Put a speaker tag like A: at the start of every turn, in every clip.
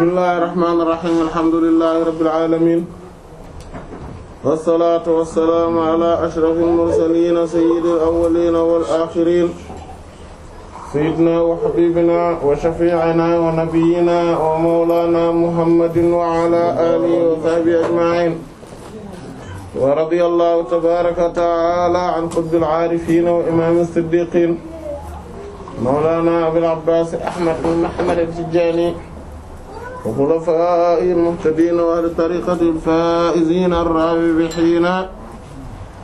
A: bismillahir rahmanir rahim alhamdulillahi rabbil alamin wassalaatu wassalaamu ala ashrafil mursaliin sayyidil awwaliin wal aaxiriin sayyidinaa wa habiibinaa wa shafii'inaa wa nabiyyinaa wa mawlaanaa muhammadin wa ala aalihi wa sahbihi ajma'iin wa radiyallaahu tabaaraka wa ta'aalaa an qutbil aarifiin wa imaamil siddiiqiin mawlaanaa abil abbaas ahmad bin muhammad at-tijaani wa xulafaa'ihi al-muhtadiina wa ahli tariiqatihi al-faa'iziina ar-raabihiina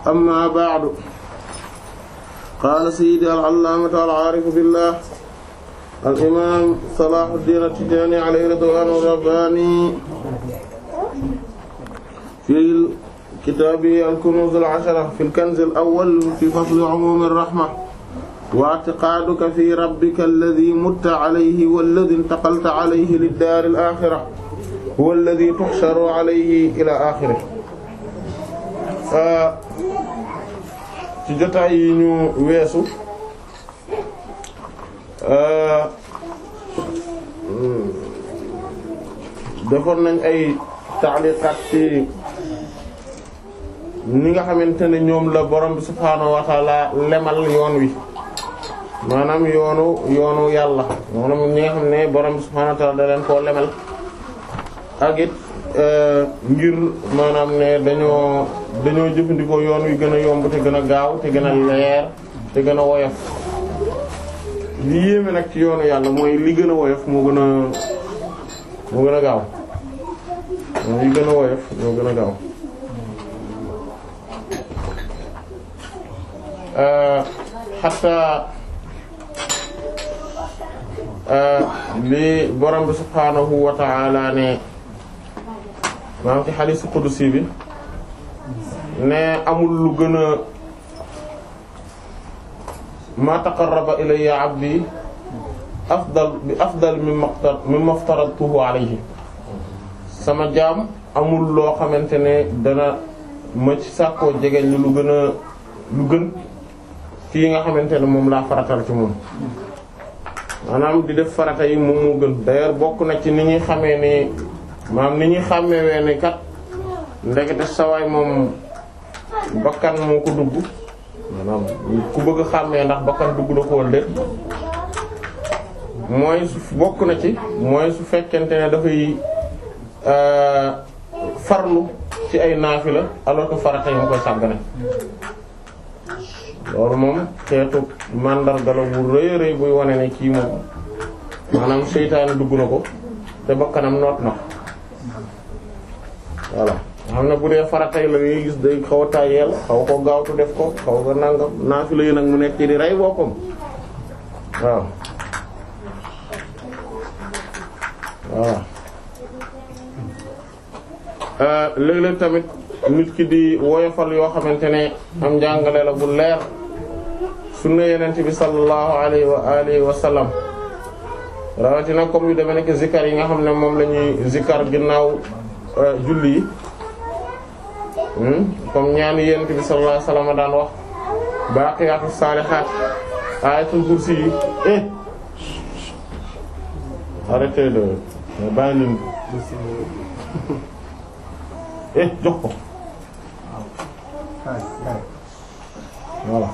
A: ammaa ba'du qaala sayyidii al-allaamatu al-aarifu billaah al-imaam Salaahudiin at-Tijaani alayhi ridwaanu rabbaani fii kitaabihi al-kunuuz al-ashara fil kanz al-awwal fii fasli umuumi ar-rahma واعتقادك في ربك الذي مت عليه والذي انتقلت عليه للدار الآخرة هو الذي تحشر عليه إلى آخره ci ñu weesu euh, defoon nañ ay taaliqaat ci ni nga xamante ne ñoom la borom bi subhaanahu lemal yoon wi maanaam yoonu yoonu yàlla maanaam ñi nga xam ne borom subhaanahu wa da leen koo lemel ak euh, ngir maanaam ne dañoo dañoo jëfandikoo yoon wi gën a yomb te gën a gaaw te gën a leer te gën a woyof li yéeme nag ci yoonu yàlla mooy li gën a woyof moo gën a moo gën a gaaw li gën a woyof moo gën a gaaw euh, hatta Euh, li borom bi subhaanahu wa ta'ala ne maanaam ci xadiisu qudsi bi ne amul lu gën a ma taqarraba ilayya abdi afdal bi afdal mimma aftaradtuhu alayhi sama jaam amul loo xamante ne dana ma ci sàkkoo jegeñ lu gën a lu gën kii nga xamante ne moom laa faratal ci moom maanaam di def farata yi moom moo gën d'ailleurs bokk na ci ni ñuy xamee ni maanaam ni ñuy xàmmewee ni kat ndekete sawaay moom bakkan moo ko dugg maanaam ku bëgg a xàmmee ndax bakkan dugg la ko walla déet mooy su bokk na ci mooy su fekkente ne dafay euh, farlu ci ay naafila alors que farata yi mu koy sàggane loolu moom xeetu màndarga la bu rëy rëy buy wane ne kii moom maanaam seytaane dugg na ko te bakkanam noot na ko xam ne bu dee faratay la ngay gis day xaw a tàyyeel xaw ko gaawtu def ko xaw ko nangam naafila yi nag mu nekk ci di rey boppam waaw waaw euh, léeg-léeg tamit nit ki di woyofal yoo xamante ne am njàngale la bu leer sunna yenente bi sallallahu alayhi wa alihi wa sallam rawatina comme yu demee nekk zikar yi nga xam ne moom la ñuy zikar ginnaaw euh, julli yi hmm? comme ñaani yenente bi sallallahu alayhi wa sallam daan wax baaqiyaatu saalihaat ayatul kursi yi eh arrêtez le bàyyi leen eh
B: jox ko voilà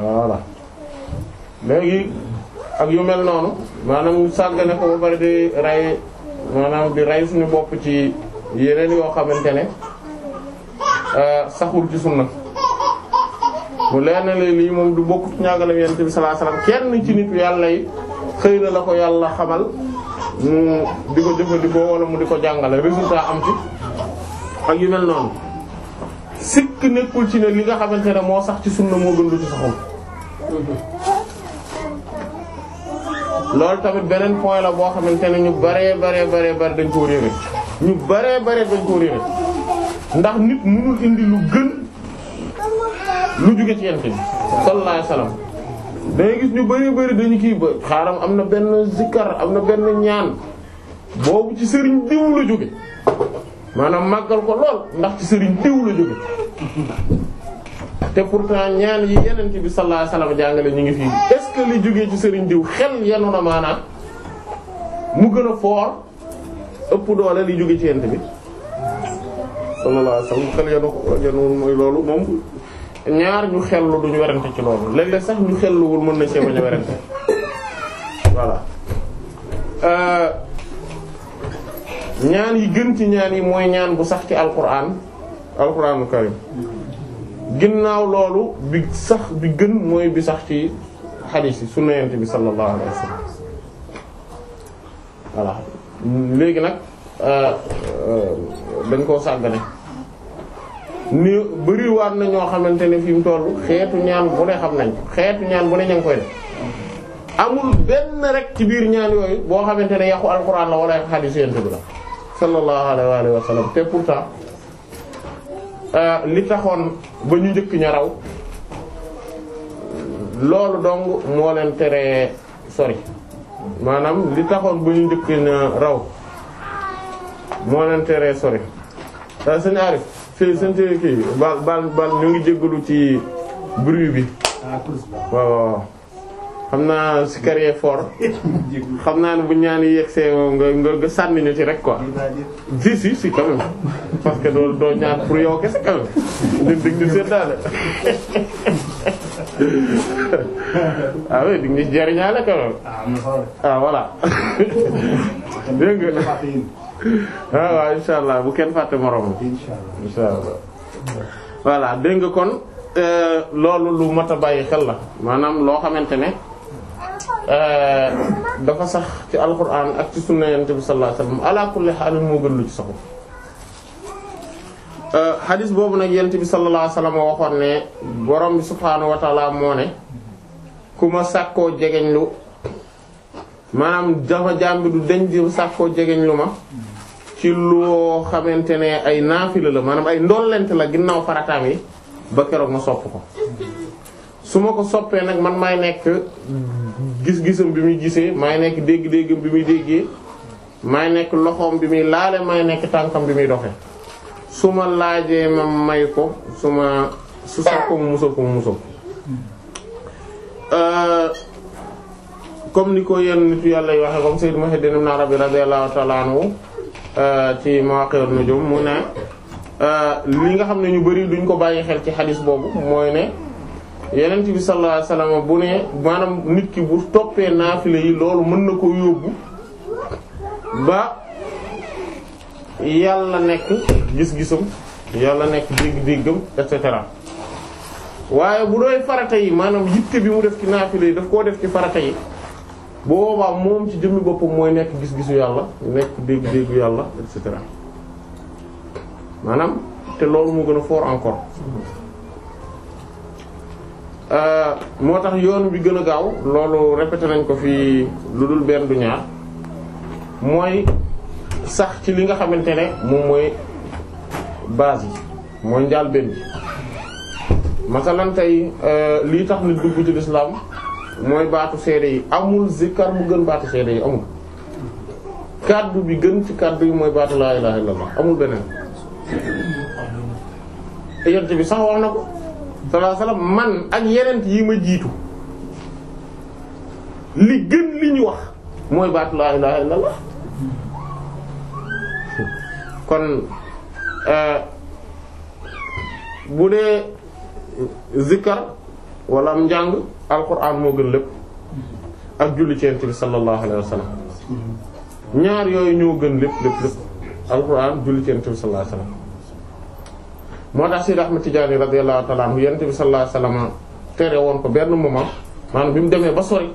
A: voilà léegi ak yu mel noonu maanaam sàggane ko ba bari di ray maanaam di ray suñu bopp ci yeneen yoo xamante ne euh, saxul ci sunna bu leen ne lii moom du bokk ci ñàngalem yonent bi sallallahu alayhi wasallam kenn ci nitu yàlla yi xëy na la ko yàlla xamal mu di ko jëfandikoo wala mu di ko jàngale résultat am ci ak yu mel noonu sikk nekkul ci ne li nga xamante ne moo sax ci sunna moo gën lu ci saxul loolu tamit beneen point la boo xamante ne ñu baree baree baree bare dañ koo réere ñu baree baree dañ koo réere ndax nit mënul indi lu gën lu jóge ci yent bi sallallahu alayhi wasallam gis ñu bari bari dañu kii ba xaaram am na benn zikkar am na benn ñaan boobu ci sëriñ diw la jóge maanaam màggal ko lool ndax ci sëriñ diw la jóge te pourtant ñaan yi yenent bi sallallahu alayhi jàngale ñu ngi fii est li jógee ci sëriñ diw xel yenu na maanaam mu gën a foor ëpp doole li jóge ci yenent bi sallallahu alayhi wasallam xel yenu yenu mooy loolu moom ñaar ñu xellu ñu werante ci loolu léeg sax ñu xelluwul mën na see bañ werante voilà euh, ñaan yi gën ci ñaan yi mooy ñaan bu sax ci alquran alquranu karim ginnaaw loolu bi sax bi gën mooy bi sax ci xadiis yi sunna yonent bi sallallahu alayhi wa sallam voilà léegi nag euh, euh, dañ koo sàggane ni bëriwaat nañ ñoo xamante ne fi mu toll xeetu ñaan bu ne xam nañ xeetu ñaan bu ne ña ngi koy def amul benn rek ci biir ñaan yooyu boo xamante ne yàqu alquran la wala xadiis yonent bi la sallallahu alayhi wa sallam te pourtant euh, li taxoon ba ñu njëkk ña raw loolu dong moo leen teree sori maanaam li taxoon ba ñu njëkk ña raw moo leen teree sori euh, sëñ Arif fii sëñ kii bal bal bal ñu ngi jéggalu ci bruit bi ah, waaw waaw xam naa si carrière fort xam naa ne bu ñaan yegsee nga nga sànni ñu ci rek quoi si si si quand parce que doo doo ñaan pour yow kese quand même ñun dig ñu seddaale ah oui dig jariñaale quand ah, ah voilà dégg ah, waaw waaw insha allah bu kenn fàtte moroom insha allah voilà dégg nga kon euh, loolu lu mat a bàyyi xel la maanaam loo xamante ne Euh, dafa sax ci alquran ak ci sunna yonent bi sallallahu alayhi wasallam ala moo gën lu ci saxul euh, xadis boobu nag yent bi sallallahu alayhi wasallam waxoon ne borom bi subhaanahu wa taala moo ne ku ma sàkkoo jegeñlu maanaam dafa jàmbi du deñ di sàkkoo jegeñlu ma ci loo xamante ne ay naafila la maanaam ay ndollent la ginnaaw farataam yi ba keroog ma sopp ko su ma ko soppee nag man maay nekk gis-gisam bi muy gisee maay nekk dégg-déggam bi muy déggee maay nekk loxoom bi muy laale maay nekk tànkam bi muy doxe su ma laajee ma may ko su ma su sax ko mu musal ko mu musal euh, comme ni ko yenn nitu yàlla yi waxee comme Sayyid Muhammad ibn Arabi radiyallahu ta'ala anhu euh, ci Mawâqî'un Nujûm mu ne euh, li nga xam ne ñu bari duñ ko bàyyi xel ci xadis boobu mooy ne yenent bi sallallahu alayhi bu ne maanaam nit ki bu toppee naafile yi loolu mën na ko yóbbu ba yàlla nekk gis-gisam yàlla nekk dégg-déggam et cetera waaye bu doy farata yi maanaam yitte bi mu def ci naafile yi daf koo def ci farata yi boobaa moom ci jëmmi boppam mooy nekk gis-gisu yàlla nekk dégg-déggu yàlla et maanaam te loolu mu gën a fort encore Euh, moo tax yoon bi gën a gaaw loolu répété nañ ko fii lu dul benn du ñaar mooy sax ci li nga xamante ne moom mooy base yi mooy njaal benn bi masalan euh, lii tax nit dugg ci lislaam mooy baatu seede yi amul zikkar bu gën baatu yi amul kaddu bi gën ci kaddu yi mooy baatu laa ilaaha illallaah amul beneen yent bi sax wax na ko sallallahu alayhi man ak yeneen yi ma jiitu li gën li ñu wax mooy baat laa ilaha illallah kon euh, bu dee zikkar wala am njàng alquran moo gën lépp ak julli ci yonent bi sallallahu alayhi ñaar yooyu ñoo gën lépp lépp lépp alquran julli ci yonent bi sallallahu alayhi moo tax Seydi Ahmad Tijaani radiyallahu ta'ala anhu Yonent bi sallallahu alayhi wasallam tere woon ko benn moment maanaam bi mu demee ba sori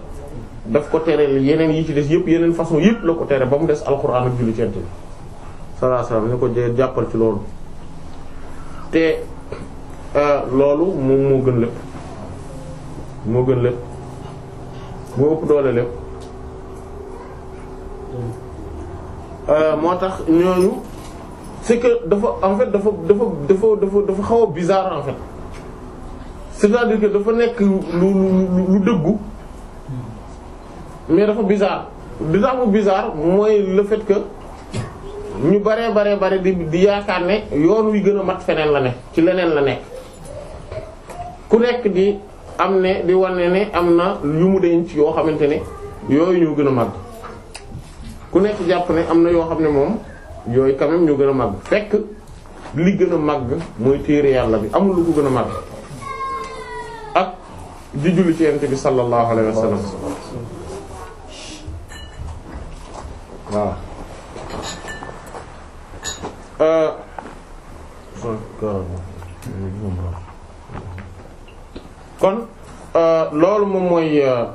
A: daf ko tere yeneen yi ci des yëpp yeneen façon yëpp la ko tere ba mu des alquran ak julli ci Yonent bi sallallahu ko jë jàppal ci loolu te euh, loolu moom moo gën lépp moo gën lépp moo ëpp doole lépp euh, moo tax ñooñu c'est que dafa en fait dafa dafa dafa dafa dafa xaw a bizarre en fait c'est-à-dire que dafa nekk lu lu lu dëggu mais dafa bizarre di tax mu mooy le fait que ñu baree baree bare di di yaakaar ne yoon wi gën a mat feneen la ne ci leneen la nekk ku nekk di am ne di wane ne am na yu mu ci yoo xamante ne yooyu ñoo gën a mag ku nekk jàpp ne am na yoo xam ne moom. yooyu quand même gën a màgg fekk li gën a màgg mooy téere yàlla bi amul lu ko gën a màgg ak di julli bi sallallahu alayhi wa waaw euh, kon euh, loolu moom mooy euh,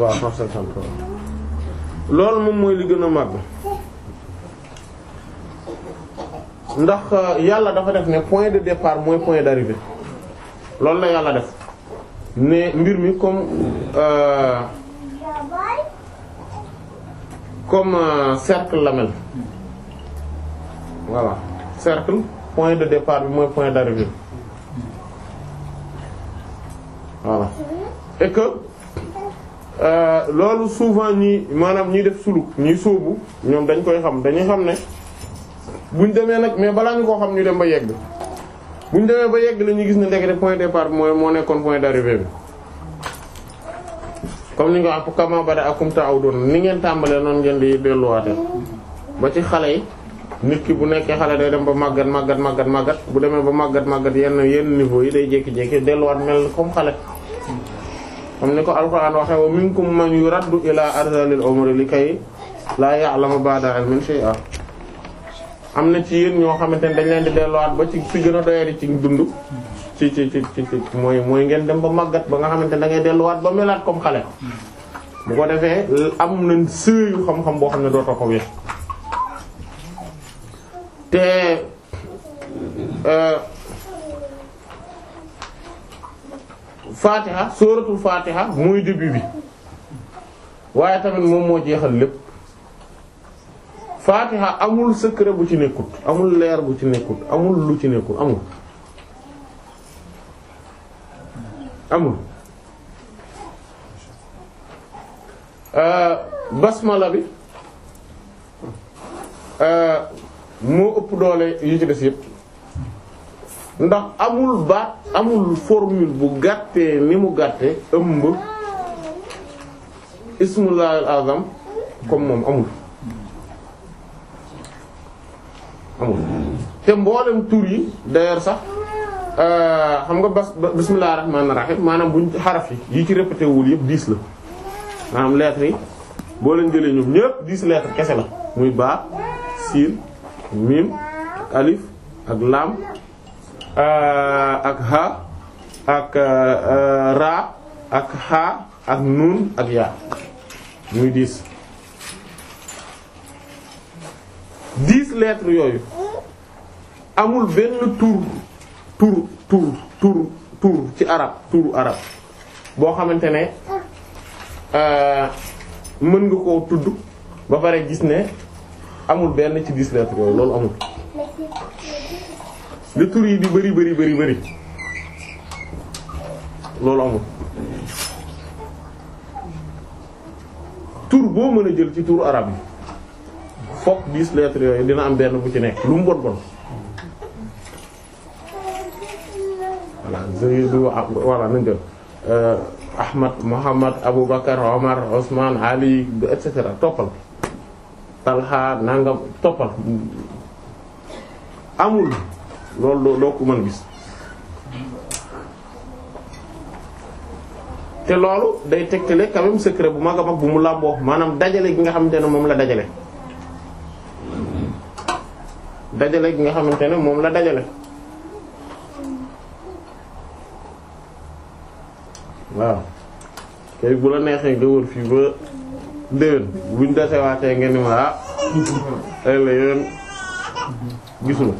A: waaw euh, loolu moom mooy li gën a màgg ndax euh, yàlla dafa def ne point de départ mooy point d'arrivée loolu la yàlla def ne mbir mi comme euh, comme euh, cercle la mel voilà cercle point de départ bi mooy point d'arrivée waaw et que euh, loolu souvent ñi maanaam ñuy def suluk ñuy sóobu ñoom dañ koy xam dañuy xam ne ñu demee nag mais balaa ñu koo xam ñu dem ba yegg bu ñu demee ba yegg la ñuy gis ne ndekete point de départ bi mooy moo nekkoon point d'arrivée bi comme ni nga ko kama bada akum ta'udun ni ngeen tàmbalee noon ngeen di delluwaate ba ci xale yi nit ki bu nekkee xale day dem ba màggat màggat màggat màggat bu demee ba màggat màggat yenn yenn niveau yi day jékki-jékki delluwaat mel comme xale xam ne ko alquran waxee wa minkum man yuraddu ila arzalil umri likay laa ya'lamu ba'da ilmin shay'a am na ci yéen ñoo xamante ne dañ leen di delluwaat ba ci fi gën a doyari ci dund ci ci ci mooy mooy ngeen dem ba màggat ba nga xamante ne da ngay delluwaat ba melaat comme xale bu ko defee am na sëyu xam-xam boo xam ne dootoo ko wér te euh, Fatiha sóoratul Fatiha muy début bi waaye tamit moom moo jeexal lépp Fatiha amul secret bu ci nekkut amul leer bu ci nekkut amul lu ci nekkut amul amul euh, basmala bi euh, moo ëpp doole yi ci des yépp ndax amul baat amul formule bu gàttee ni mu gàttee ëmb ismullahil azam comme moom amul amul te mboolem tur yi d'ailleurs sax euh, xam nga bas bismillahir rahmanir rahim maanaam buñ xaraf yi yi ci répété wul yëpp dix la maanaam lettres yi boo leen jëlee ñoom ñëpp dix lettres kese la muy ba siin mim alif ak lam Euh, ak ha ak euh, ra ak ha ak nun ak yaa muy dix dix lettres yooyu amul benn tur tur tur tur tur ci arab turu arab boo xamante ne euh, mën nga koo tudd ba pare gis ne amul benn ci dix lettres yooyu loolu amul li tur yi di bëri bëri bëri bëri loolu amul tur boo mën a jël ci turu arab yi fokk dix lettres yooyu dina am benn bu ci nekk lu mu bon bon voilà zëy jël euh, ahmad muhammad abubakar omar osman ali et toppal talha nangam toppal amul loolu doo ko mën gis te loolu day tegtale quand même bu mag a mag bu mu làmboo maanaam dajale gi nga xamante ne moom la dajale dajale gi nga xamante ne moom la dajale waaw kay bu la neexee nga wër fii ba déwén buñ dasewaatee ngeen ni ma ah ay la yéen gisuma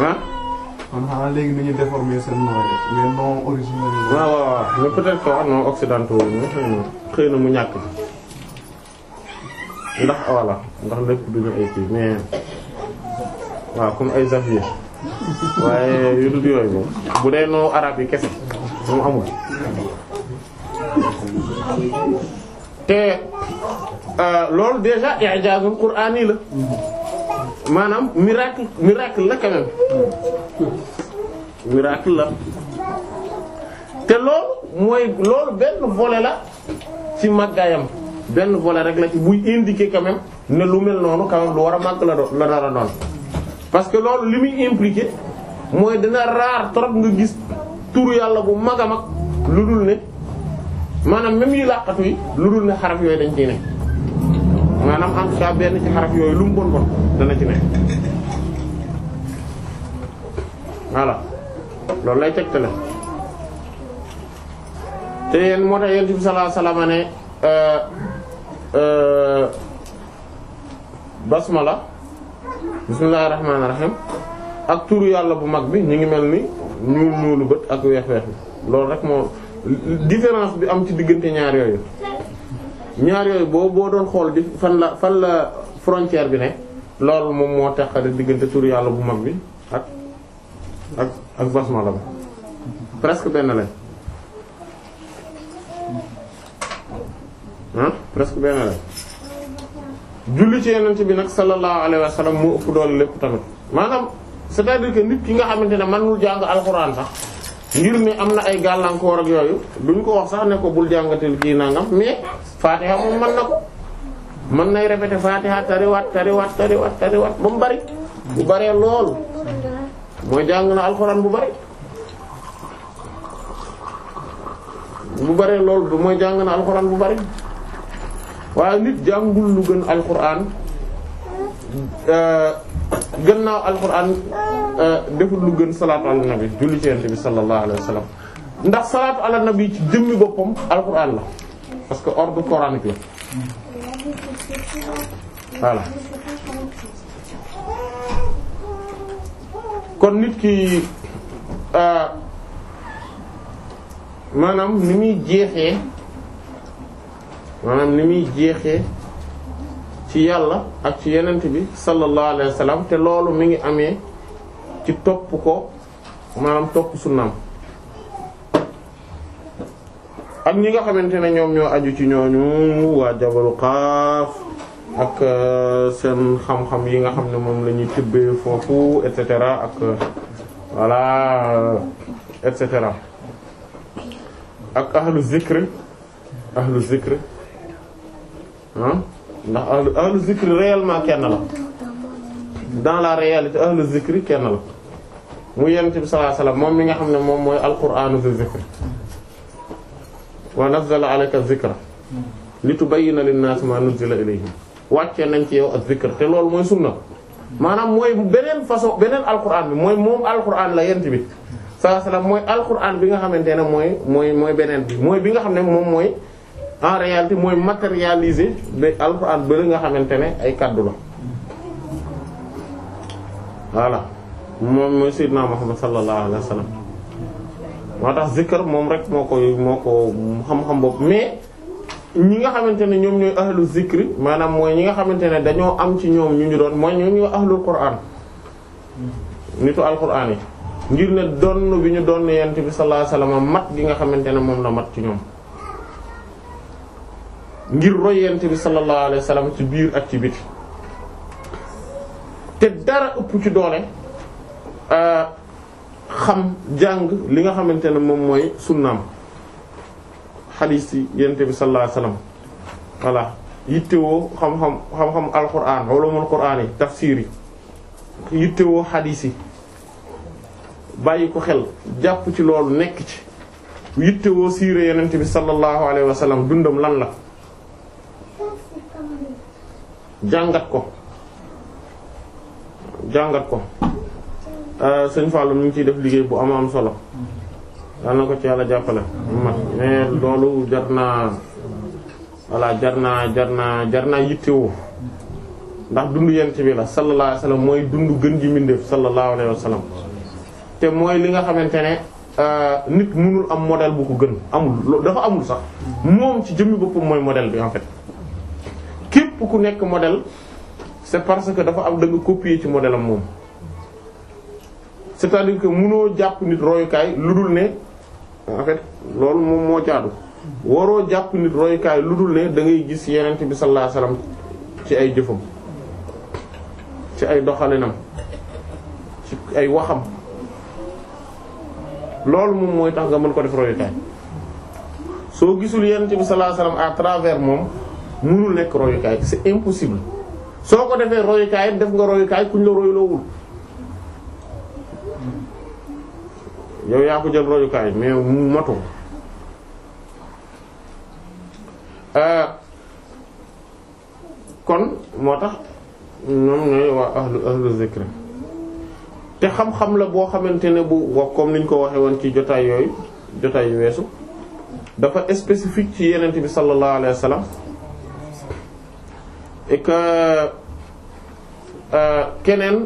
A: ah. léegi ni ñu déformé seen waaw waaw waaw mais peut-être que wax nom occidentaux yi moom xëy na mu ñàkk. ndax voilà ndax lépp duñu ay kii mais waaw comme ay Zavier waaye yu dul yooyu moom bu dee noo arab yi kese moom amul. te euh, loolu déjà i'jaazul qur'aani la. maanaam miracle miracle la quand même la te loolu mooy loolu benn volet la ci màggaayam benn volet rek la ci buy indiquer quand même ne lu mel noonu quand même lu war a màgg la doon la dara doon parce que loolu li muy impliqué mooy dina raar trop nga gis turu yàlla bu mag a mag lu dul ne maanaam même yi làqatu yi lu dul ne xaraf yooyu dañ ciy ne maanaam en tout cas benn ci xaraf yooyu lum mu bon bon dana ci nekk voilà loolu lay tegtale te yéen moo tax yéen bi sallallahu alayhi wasallam ne euh, euh, basmala bismillahir rahmanir rahim ak turu yàlla bu mag bi ñu ngi mel ni ñuul ñuulu bët ak weex weex bi loolu rek moo différence bi am ci diggante ñaar yooyu ñaar yooyu boo boo doon xool di fan la fan la frontière bi ne loolu moom moo teqale diggante tur yàlla bu mag bi ak ak ak bi presque benn lañ ah presque benn lañ julli ci yenent bi nag sallallahu alayhi wa mu moo ëpp doole lépp tamit maanaam c'est-à-dire que nit ki nga xamante ne mënul jàng alxuraan sax ngir ne am na ay gàllankoor ak yooyu duñ ko wax sax ne ko bul jàngatil kii nangam mais Fatiha moom mën na ko mën nay répéter Fatiha tariwaat tariwaat tariwaat tariwaat ba mu bari bu baree loolu mooy jàng na alxuraan bu bari bu baree loolu du mooy jàng na alxuraan bu bari waaye nit jàngul lu gën alxuraan euh, gën gannaaw alxuraan euh, deful lu gën salaatu ala nabi julli ci bi sallallahu alayhi wa sallam ndax salaatu ala ci jëmmi boppam alxuraan la parce que ordre coranique la kon nit ki euh, maanaam li muy jeexee maanaam ni muy jeexee. ci yàlla ak ci yenent bi sallallahu alayhi wa sallam te loolu mi ngi amee ci topp ko maanaam topp sunnaam ak ñi nga xamante ne ñoom ñoo aju ci ñooñu waa jabalu xaaf ak euh, seen xam-xam yi nga xam ne moom la ñuy tibbee foofu et cetera ak voilà euh, et cetera ak ahlu zikr ahlu zikr ah ndax ahlu zikri réellement kenn la dans la réalité ahlu zikri kenn la mu yonent bi sallallahu alayhi moom mi nga xam ne moom mooy alquranu fi zikri wa nazzala alayka zikra li tubayyina lin-naasi maa nuzzila ilayhim wàcce nañ ci yow ak zikr te loolu mooy sunna maanaam mooy beneen façon beneen alquran bi mooy moom alquran la yent bi sallallahu alayhi mooy mooy alquran bi nga xamante ne mooy mooy mooy beneen bi mooy bi nga xam ne moom mooy en réalité mooy matérialiser day alxuraan bëri nga xamante ne ay kàddu la voilà moom mooy sayyidna Muhammad sallallahu alayhi wa sallam moo tax zikr moom rek moo koy moo ko xam-xam boobu mais ñi nga xamante ne ñoom ñooy ahlu zikri maanaam mooy ñi nga xamante ne dañoo am ci ñoom ñu ñu doon mooy ñoo ñoo ahlul qur'an nitu alqur'an yi ngir ne donn bi ñu donn yent bi sallallahu alayhi wa mat gi nga xamante ne moom la mat ci ñoom ngir royante bi sallallahu alayhi wa ci biir ak ci biti te dara ëpp ci doole euh, xam jàng li nga xamante ne moom mooy sunnaam xadiis yi yente bi sallallahu alayhi wa sallam voilà yittewoo xam-xam xam-xam alquran ulumul quran yi tafsir yi yittewoo xadiis yi bàyyi ko xel jàpp ci loolu nekk ci yittewoo siire yenente bi sallallahu alayhi wa sallam dundam lan la jàngat ko jàngat ko euh, sëñ Fallou mu ngi ciy def liggéey bu am am solo dal na ko ci yàlla jàppale mat mais loolu jar naa voilà jar naa jar naa jar naa yittewoo ndax dund yent bi la sallallahu alayhi mooy dund gën ji mbindeef sallallahu alayhi wasallam te mooy li nga xamante ne euh, nit mënul am modèle bu ko gën amul dafa amul sax moom ci jëmmi boppam mooy modèle bi en fait ku nekk modèle c'est parce que dafa am da nga ci modèle am moom c'est-à-dire munoo jàpp nit royukaay lu dul ne loolu moom moo jaadu waroo jàpp nit royukaay lu dul ne dangay gis yenent bi sallallahu alayhi ci ay jëfam ci ay doxalinam ci ay waxam loolu moom mooy tax nga mën ko def royukaay soo gisul yenent bi sallallahu à travers moom mënul nekk royukaay c'est impossible soo ko defee royukaay def nga royukaay kuñ la royuloowul yow yaa ko jël royukaay mais mu matu euh, kon moo tax ñoom ñooy waa ahlu ahlu zikr te xam-xam la boo xamante ne bu wax comme niñ ko waxee woon ci jotaay yooyu jotaay yu weesu dafa spécifique ci yenent bi sallallahu alayhi wa et que euh, keneen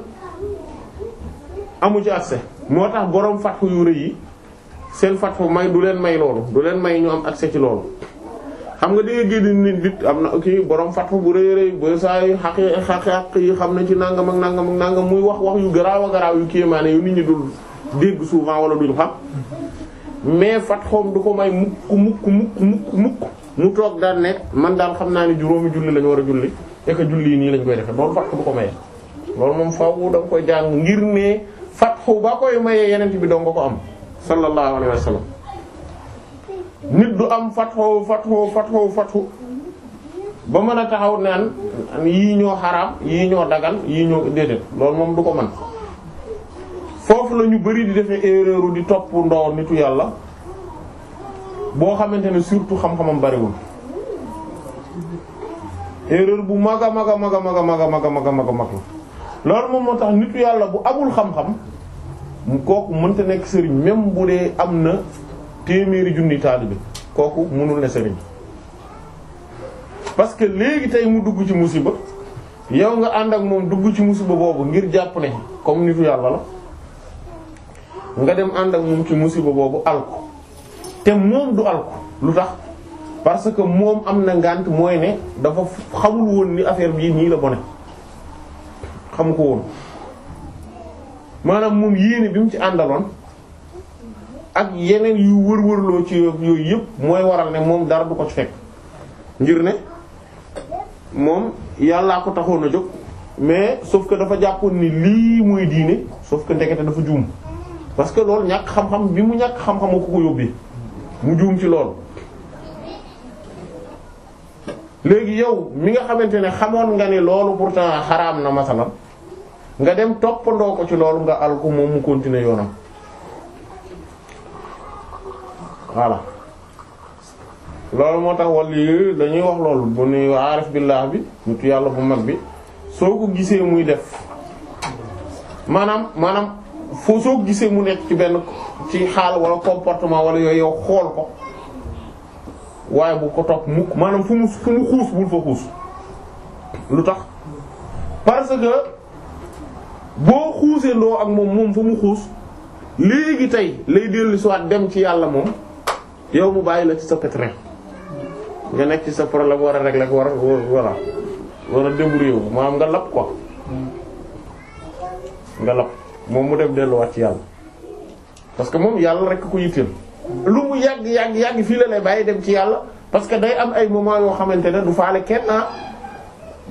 A: amu ci accès moo tax borom fatxu yu rëy yi seen fatxu may du leen may loolu du leen may ñu am accès ci loolu xam nga dégg génn nit nit am na kii borom fatxu bu rëy rëy bu saa yu xaq xaq yi xam na ci nangam ak nangam nangam muy wax wax yu garaaw a garaaw yu kéemaane yu nit ñi dul dégg souvent wala duñu xam mais xoom du ko may mukk mukk mukk mukk mu toog daal ne man daal xam naa ne juróomi julli lañu war a julli et que julli nii lañ koy defee loolu fatxu du ko maye loolu moom faaw da nga koy jàng ngir ne fatxu ba koy maye yeneen bi doo nga ko am sallallahu alayhi wa nit du am fat fatxu fatxu fatxu ba mën a taxaw naan yii ñoo xaraam yii ñoo dagal yii ñoo déedéet loolu moom du ko man foofu la ñu bari di defee erreur di topp ndoo nitu yàlla boo xamante ne surtout xam-xamam bariwul erreur bu mag a mag a mag a mag a mag a mag mag a mag la loolu moom moo tax nitu yàlla bu amul xam-xam kooku mënta nekk sëriñ même bu dee am na téeméeri junni taalibe kooku mënul ne sëriñ parce que léegi tey mu dugg ci musiba yow nga ànd ak moom dugg ci musiba boobu ngir jàpp ne comme nitu yàlla la nga dem ànd ak moom ci musiba boobu alko te moom du alko lu tax parce que moom am na ngànt mooy ne dafa xamul woon ni affaire bi nii la bone xamu ko woon maanaam moom yéene bi mu ci àndaloon ak yeneen yu wër-wërloo ci yooyu yëpp mooy waral ne moom dara du ko fekk ngir ne moom yàllaa ko taxoon a jóg mais sauf que dafa jàppoon ni lii mooy diine sauf que ndekete dafa juum parce que loolu ñàkk xam-xam bi mu ñàkk xam-xamu ko ko yóbbee mu juum ci loolu léegi yow mi nga xamante ne xamoon nga ne loolu pour pourtant xaraam na masalan nga dem toppandoo ko ci loolu nga al ko moom mu continuer yoonam voilà loolu moo tax wàll yi dañuy wax loolu bu nuy aarif billah bi nitu yàlla bu mag bi soo ko gisee muy def maanaam maanaam foo soo gisee mu nekk ci benn ci xaal wala comportement wala yooyu yow xool ko waaye bu ko topp mukk maanaam fu mu fu mu xuus bul fa xuus lu tax parce que boo xuusee loo ak moom moom fu mu xuus léegi tey lay dellu si dem ci yàlla moom yow mu bàyyi la ci sa pétrin nga nekk ci sa problème war a la war war a war a débrouiller réew maanaam nga lap ko nga lap moom mu dem delluwaat ci yàlla parce que moom yàlla rek ko yitteel. lu mu yàgg yàgg yàgg fii la lay bàyyi dem ci yàlla parce que day am ay moment yoo xamante ne du faale kenn ah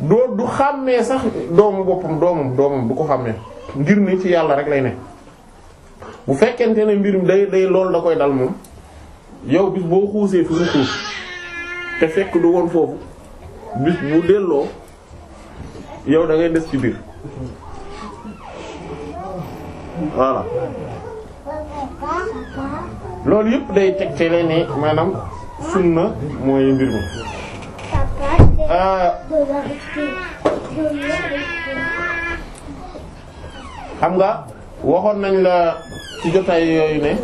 A: doo du xàmmee sax doomu boppam doomam doomam du ko xàmmee ngir ni ci yàlla rek lay ne bu fekkente ne mbirum day day loolu da koy dal moom yow bis boo xuusee fi mu xuus te fekk du woon foofu bis bu delloo yow da ngay des ci biir voilà loolu yëpp day teg tegtale ne maanaam sunna mooy mbir mi ah. xam nga waxoon nañ la ci jotaay yooyu ne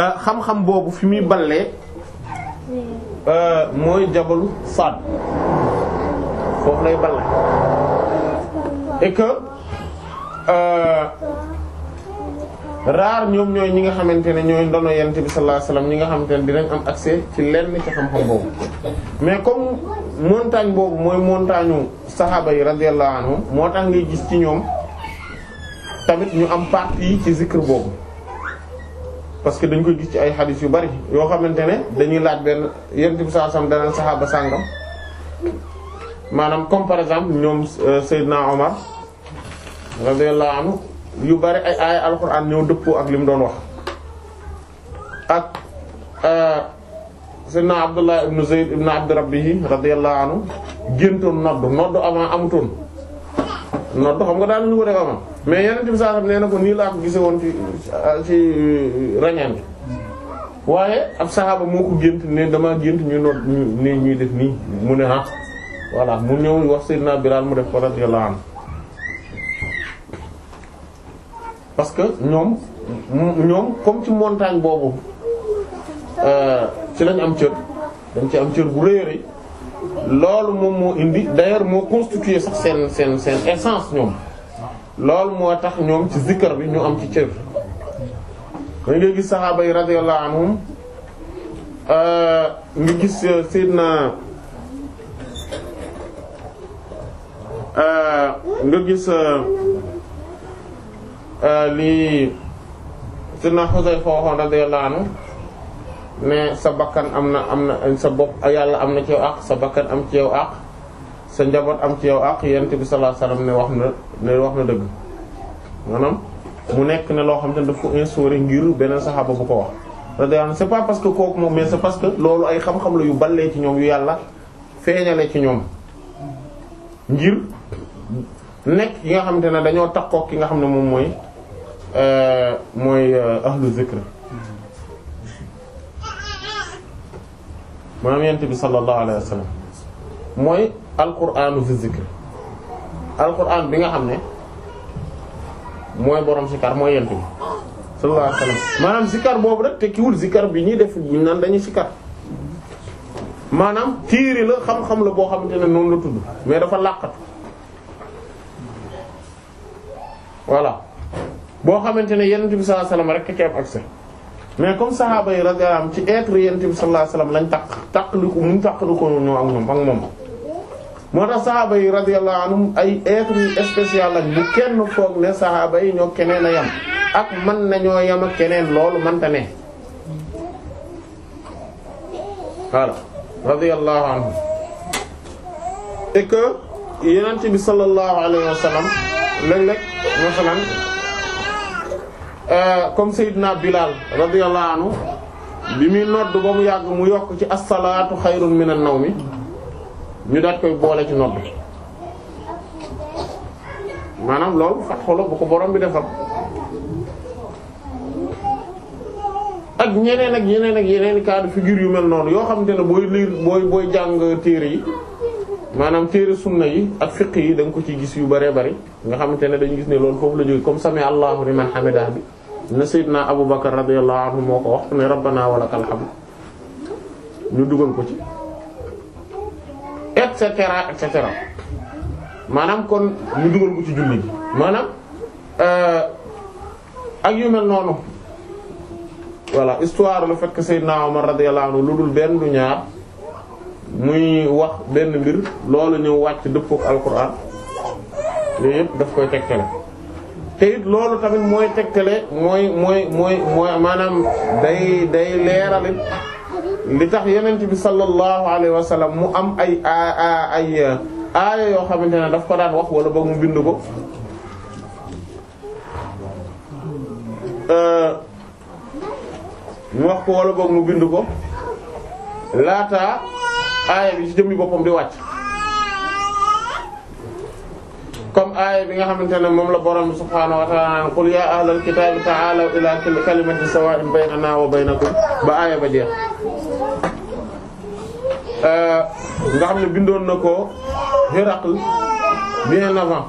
A: ah, xam-xam boobu fi muy ballee ah, mooy jabalu Saad foofu lay balle et Euh, raar ñoom ñooy ñi nga xamante ne ñooy ndono yent bi sallallahu alayhi ñi nga xamante ne dinañ am accès ci lenn ci xam-xam boobu mais comme montagne boobu mooy montagne saxaaba yi radiyallahu anhum moo tax ngay gis ci ñoom tamit ñu am partie ci zikr boobu parce que dañ koy gis ci ay xadis yu bari yoo xamante ne dañuy laaj benn yent bi sallallahu alayhi wasallam saxaaba sàngam maanaam comme par exemple ñoom euh, Seydina Omar radiyallahu anhu yu bari ay aaya alxuraan ñëw dëppoo ak li mu doon wax ak euh, sayyidina Abdullah ibn Zayd ibn Abd Rabbihi radiyallahu anhu géntoon nodd nodd avant amutoon nodd xam nga daal ko mais yeneen bi nee na nii laa ko gise woon ci ci rañaan bi waaye ab saxaaba moo ko gént ne dama gént ñu nodd ne ñuy def nii mu ne ah mu ñëw wax sayyidina Bilaal mu def ko radiyallahu anhu parce que ñoom ñoom comme ci montagne boobu euh, ci lañu am cër dañ ci am cër bu rëy a loolu moom moo indi d'ailleurs moo constitué sax seen seen seen essence ñoom loolu moo tax ñoom ci zikkar bi ñu am ci cër da ngay gis saxaaba yi radiyallahu anhum euh, nga gis euh, na nga gis Euh, lii Seydina Xuzayfa waxoon radiyallahu anhu ne sa bakkan am na am na sa bopp yàlla am na ci yow àq sa bakkan am ci yow àq sa njaboot am ci yow àq yonent bi sallallahu alayhi wasallam ne wax na ne wax na dëgg maanaam mu nekk ne loo xam ne daf ko instauré ngir beneen saxaaba bu ko wax parce que kooku moom mais c'est parce que loolu ay xam-xam la yu ballee ci ñoom yu yàlla feeñale ci ñoom ngir nekk ki nga xamante ne dañoo takkoo ki nga xam ne moom mooy mooy euh, ahlu zikr maanaam yent bi sallallahu alayhi wa sallam mooy alquranu fi zikr alquran bi nga xam ne mooy borom sikar mooy yent bi sallallahu alayhi wa sallam maanaam sikar boobu rek tekkiwul sikar bi ñuy def ñu naan dañuy sikar maanaam tiiri la xam-xam la boo xamante ne noonu la tudd mais dafa làqatu voilà boo xamante ne yonent bi sallallahu alayhi wasallam rek am accès mais comme saxaaba yi radiyallahu anhum ci être yonent bi sallallahu alayhi lañ taq taq lu ko muñ taq lu ko ñoo ak moom moo tax saxaaba yi radiyallahu anhum ay être spécial lañ bu kenn foog ne saxaaba yi ñoo keneen a yam ak mën nañoo yam ak keneen loolu mënta ne. voilà radiyallahu anhum et que yonent bi sallallahu alayhi wasallam léeg-léeg masalan Euh, comme Seydina Bilal radiyallahu anhu bi muy nodd ba mu yàgg mu yokk ci as-salaatu xayrun minan nawmi ñu daat koy boole ci nodd maanaam loolu fatxolo bu ko borom bi defal ak ñeneen ak yeneen ak yeneen cas de figure yu mel noonu yoo xamante ne booy liir booy booy jàng téere yi maanaam téere sunna yi ak fiqh yi da ko ci gis yu bëree bëri nga xamante ne dañu gis ne lool foofu la jóge comme sami allahu liman hamidah bi ne Seydina Abu Bakar radiyallahu anhu moo ko wax ne rabbana walakal hamd ñu dugal ko ci et cetera et maanaam kon ñu dugal ko ci julli bi maanaam euh, ak yu noonu voilà histoire lu fekk Seydina Omar radiyallahu anhu lu dul benn du ñaar muy wax benn mbir loolu ñu wàcc dëppoo ak alquran yooyu yëpp daf koy tegtale te loolu tamit mooy tekkale mooy mooy mooy mooy maanaam day day leeralit li tax yonent bi sallallahu alayhi wa mu am ay ay aaya yoo xamante ne daf ko daan wax wala boog mu bind ko euh, mu wax ko wala boog mu bind ko laata aaya bi ci jëmmi boppam di wàcc comme aaya bi nga xamante ne moom la borom subhaanahu wa ta'aala qul yaa ahlal kitaabi ta'aalaw ilaa kalimatin sawaa'in baynanaa wa baynakum ba aaya ba jeex euh, nga xam ne bindoon na ko Hiraql bien avant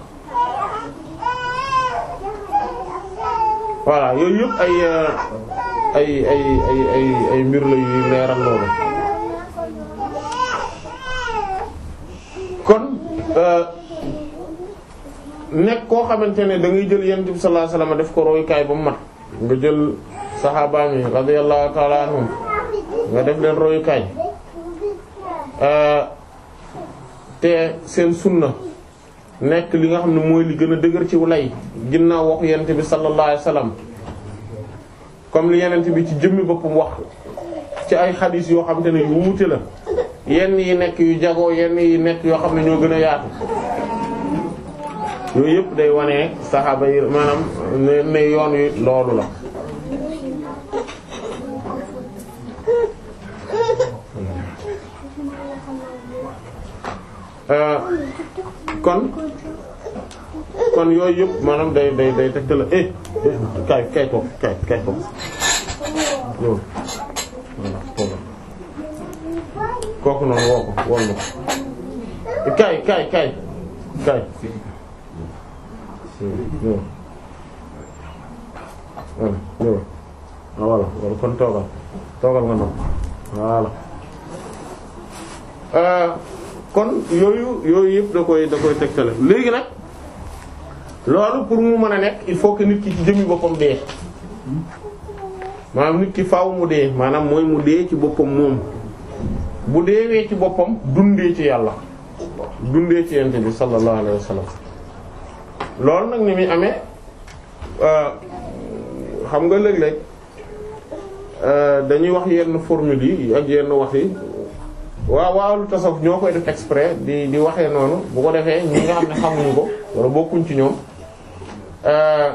A: voilà yooyu yëpp ay euh, ay ay mbir la yu leeral kon. Euh, nekk koo xamante ne dangay jël yonent bi sallallahu alayhi wasallam def ko royukaay ba mu mat nga jël saxaabaam yi radiyallahu ta'ala anhum nga def leen royukaay euh, te seen sunna nekk li nga xam ne mooy li gën a dëgër ci lay ginnaaw waxu yonent bi sallallahu alayhi comme li yonent bi ci jëmmi boppam wax ci ay xadiis yoo xamante ne yu wuute la yenn yi nekk yu jagoo yenn yi nekk yoo xam ne ñoo gën a yaatu yooyu yëpp day wane saxaaba yi maanaam ne yoon wi loolu la euh, kon kon yooyu yëpp maanaam day day day tegtal eh kay kay toog kay kay toog ñëw noonu woo ko woo ko kay kay kay kay kon toogal toogal nga noonu voilà kon yooyu yooyu yëpp da koy da koy tegtale léegi nag loolu pour mu mën a nekk il faut que nit ki ci jëmmi boppam dee maanaam nit ki faw mu dee maanaam mooy mu dee ci boppam moom bu deewee ci boppam dundee ci yàlla dundee ci yent bi sallallahu alayhi loolu nag ni muy amee euh, xam nga léeg-léeg euh, dañuy wax yenn formule yi ak yenn wax yi waaw waaw lu ñoo koy def exprès di di waxee noonu bu ko defee ñi nga xam ne xamuñu ko wala bokkuñ ci ñoom euh,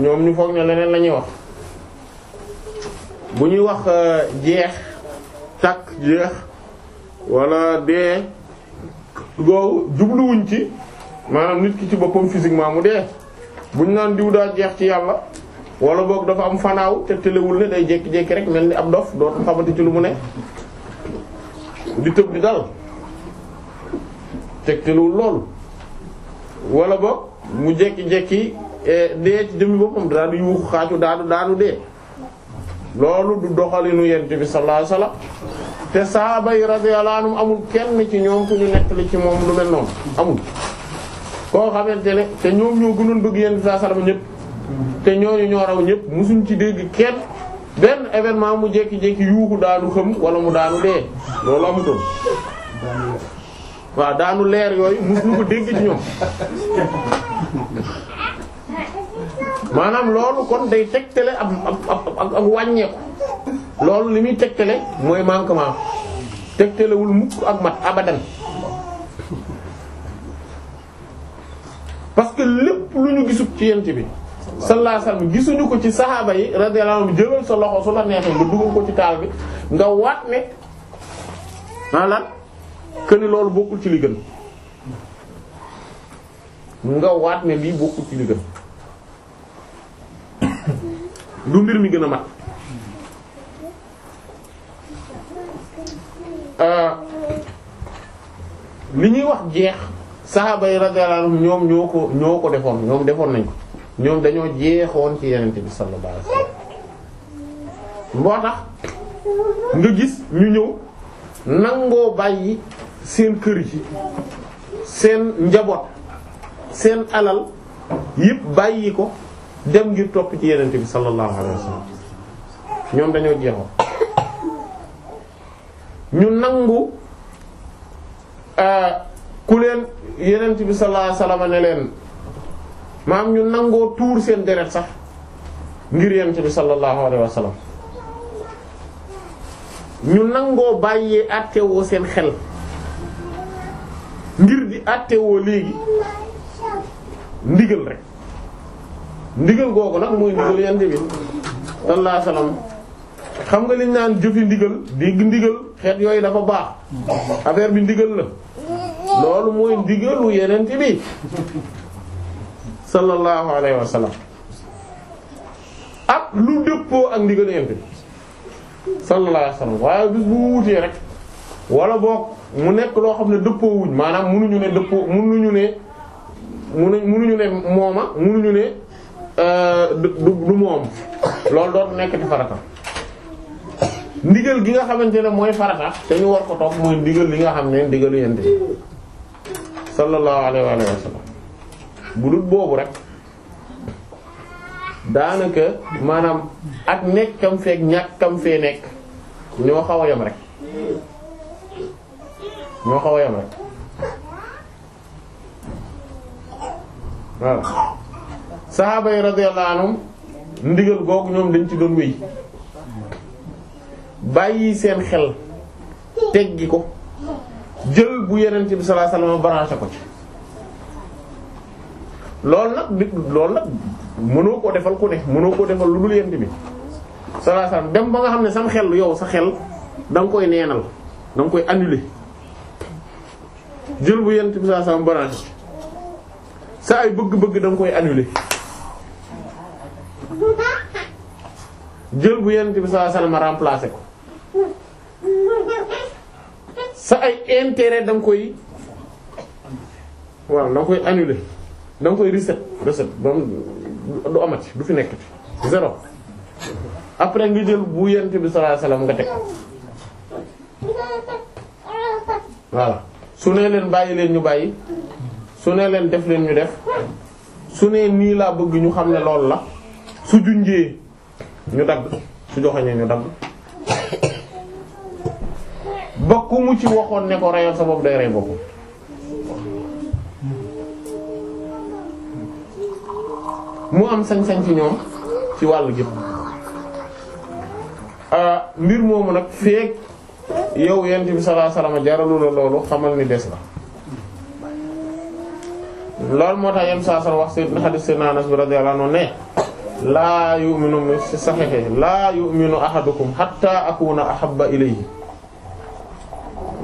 A: ñoom ñu foog ne leneen lañuy wax bu ñuy wax jeex caq jeex wala dee jubluwuñ ci maanaam nit ki ci boppam maa mu dee buñ naan diw daa jeex ci yàlla wala boog dafa am fanaaw te tëlewul ne day jékki-jékki rek mel ni ab dof doon xamante ci lu mu ne di tëb di dal teg tëlewul loolu wala mu jékki-jékki e, dee ci jëmmi daal di yuuxu xaaju daanu dee loolu du doxalinu yent bi sallallahu alayhi te saaba yi radiyallahu anhum amul kenn ci ñoom ku ñu nekk li ci moom lu mel noonu amul koo xamante ne te ñoom ñoo gënoon bëgg yenn saa salama ñëpp te ñooñu ñoo raw ñëpp musuñ ci dégg kenn benn événement mu jékki-jékki yuuxu daanu xëm wala mu daanu dee loolu amutoon waaw daanu leer yooyu musuñ ko dégg ci ñoom maanaam loolu kon day tegtale ab ab ab wàññeeku loolu li muy tegtale mooy manquement tegtalewul ak mat abadan parce que lépp lu ñu gisul ci yent bi sallallahu alayhi gisuñu ko ci saxaaba yi radiyallahu anhum jëlal sa loxo su la neexee nga dugal ko ci taal bi nga waat ne maanaam ah que loolu bokkul ci li gën nga waat ne lii bokkul ci li gën du mbir mi gën a mat euh, li ñuy wax jeex saxaaba yi radiyallahu anhum ñoom ñoo ko ñoo ko defoon ñoom defoon nañ ko ñoom dañoo jeexoon ci yenent bi sallallahu alayhi wasallam moo nga gis ñu ñëw nangoo bàyyi seen kër yi seen njaboot seen alal yëpp bàyyi ko dem ngir topp ci yenent bi sallallahu alayhi wasallam ñoom dañoo jeexoon ñu nangu euh, ku leen yenent bi salaa alayhi wasallam ne leen maam ñu nangoo tuur seen deret sax ngir yenent bi sallallahu alayhi wasallam ñu nangoo bàyyee àttewoo seen xel ngir di àttewoo léegi ndigal rek ndigal googu nag mooy ndigal yenent bi sallallahu alayhi wasallam xam nga liñ naan jëfi ndigal dégg ndigal xeet yooyu dafa baax affaire bi ndigal la loolu mooy ndigalu yeneen bi sallallahu alayhi wa sallam ak lu dëppoo ak ndigalu yenent bi sallallahu alayhi wa sallam waaye bis bu wutee rek wala boog mu nekk loo xam ne dëppoo wuñ maanaam munuñu ne dëppoo munuñu ne munu munuñu ne mooma munuñu ne euh, du moom loolu doot nekk ci farata ndigal gi nga xamante ne mooy farata te ñu war ko toog mooy ndigal li nga xam ne ndigalu yenent bi sallallahu alayhi wa sallam bu dul boobu rek daanaka maanaam ak nekkam feek ñàkkam fee nekk ñoo xaw a yem rek ñoo xaw a rek waaw saxaaba yi ndigal googu ñoom dañ ci doon wéy bàyyi seen xel teggi ko jël bu yenente bi sallallahu alayhi wasallam ko ci loolu nag nit loolu nag mënoo koo defal ku ne mënoo koo defal lu dul yenente bi sallallahu alayhi dem ba nga xam ne sam xel yow sa xel danga koy neenal danga koy annuler jël bu yenente bi bëgg-bëgg da koy annuler jël bu yenente bi sallallahu alayhi wasallam ko sa ay intérêt da koy waaw da koy annuler da koy reset reset ba du amati du fi nekkati zéro après ngi jël bu yent bi sallallahu alayhi nga teg voilà su ne leen bàyyi leen ñu bàyyi su ne leen def leen ñu def su nee nii laa bëgg ñu xam ne loolu la su junjee ñu dagg su joxoñee ñu dagg ba ku mu ci waxoon ne ko reyal sa bopp day rey boppam mu am sañ-sañ ci ñoom ci wàllu gépp ah, mbir moomu nag feek yow yent bi sallallahu alayhi wasallam jaralu la loolu xamal ni des la loolu moo tax yem saa wax si xadis Seydina Anas bi radiyallahu anhu ne laa yu'minu si saxiix laa yu'minu ahadukum hatta akuna ahabba ilayhi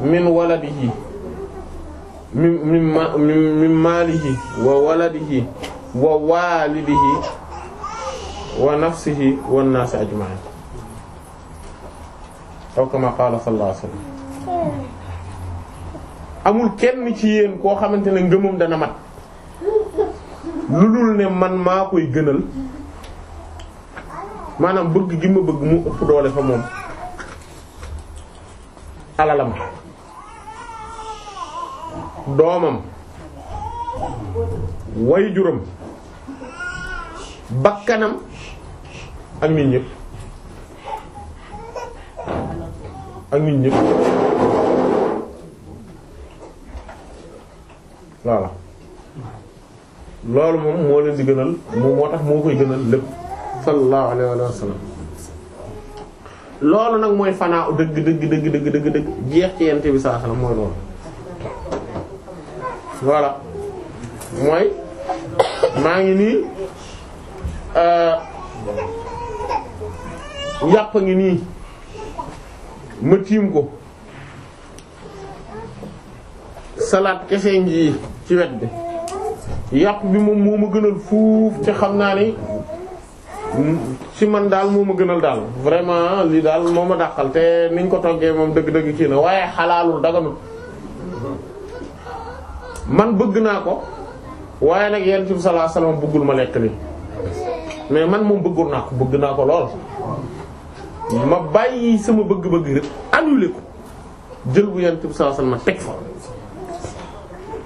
A: min waladihi min min min maalihi wa waladihi wa waalidihi wa nafsihi wan naasi ajma'in aw kama qaala sallallahu
B: alayhi
A: amul kenn ci yéen koo xamante ne ngëmam dana mat lu dul ne man maa koy gënal maanaam bëgg gi ma bëgg mu ëpp doole fa moom alalam doomam wayjuram bakkanam ak nit ñëpp ak nit ñëpp loolu moom moo leen di gënal moo moo tax moo koy gënal lépp sallallahu alayhi wa sallam loolu nag mooy fanaa dëgg dëgg dëgg dëgg dëgg dëgg jeex ci yent bi sallallahu alayhi mooy loolu voilà mooy maa ngi nii euh, yàpp ngi nii ma tiim ko salaat kese ngi ci wet bi yàpp bi moom moo ma gënal fuuf ci xam naa ni ci man daal moo ma gënal daal vraiment lii daal moo ma dàqal te niñ ko toggee moom dëgg-dëgg kii na waaye xalaalul daganut man bëgg naa ko waaye nag yonent bi sallallahu alayhi bëggul ma lekk li mais man moom bëggoon naa ko bëgg naa ko lool ma bàyyi sama bëgg-bëgg rek annulé ko jël bu yonent bi sallallahu alayhi ma teg fa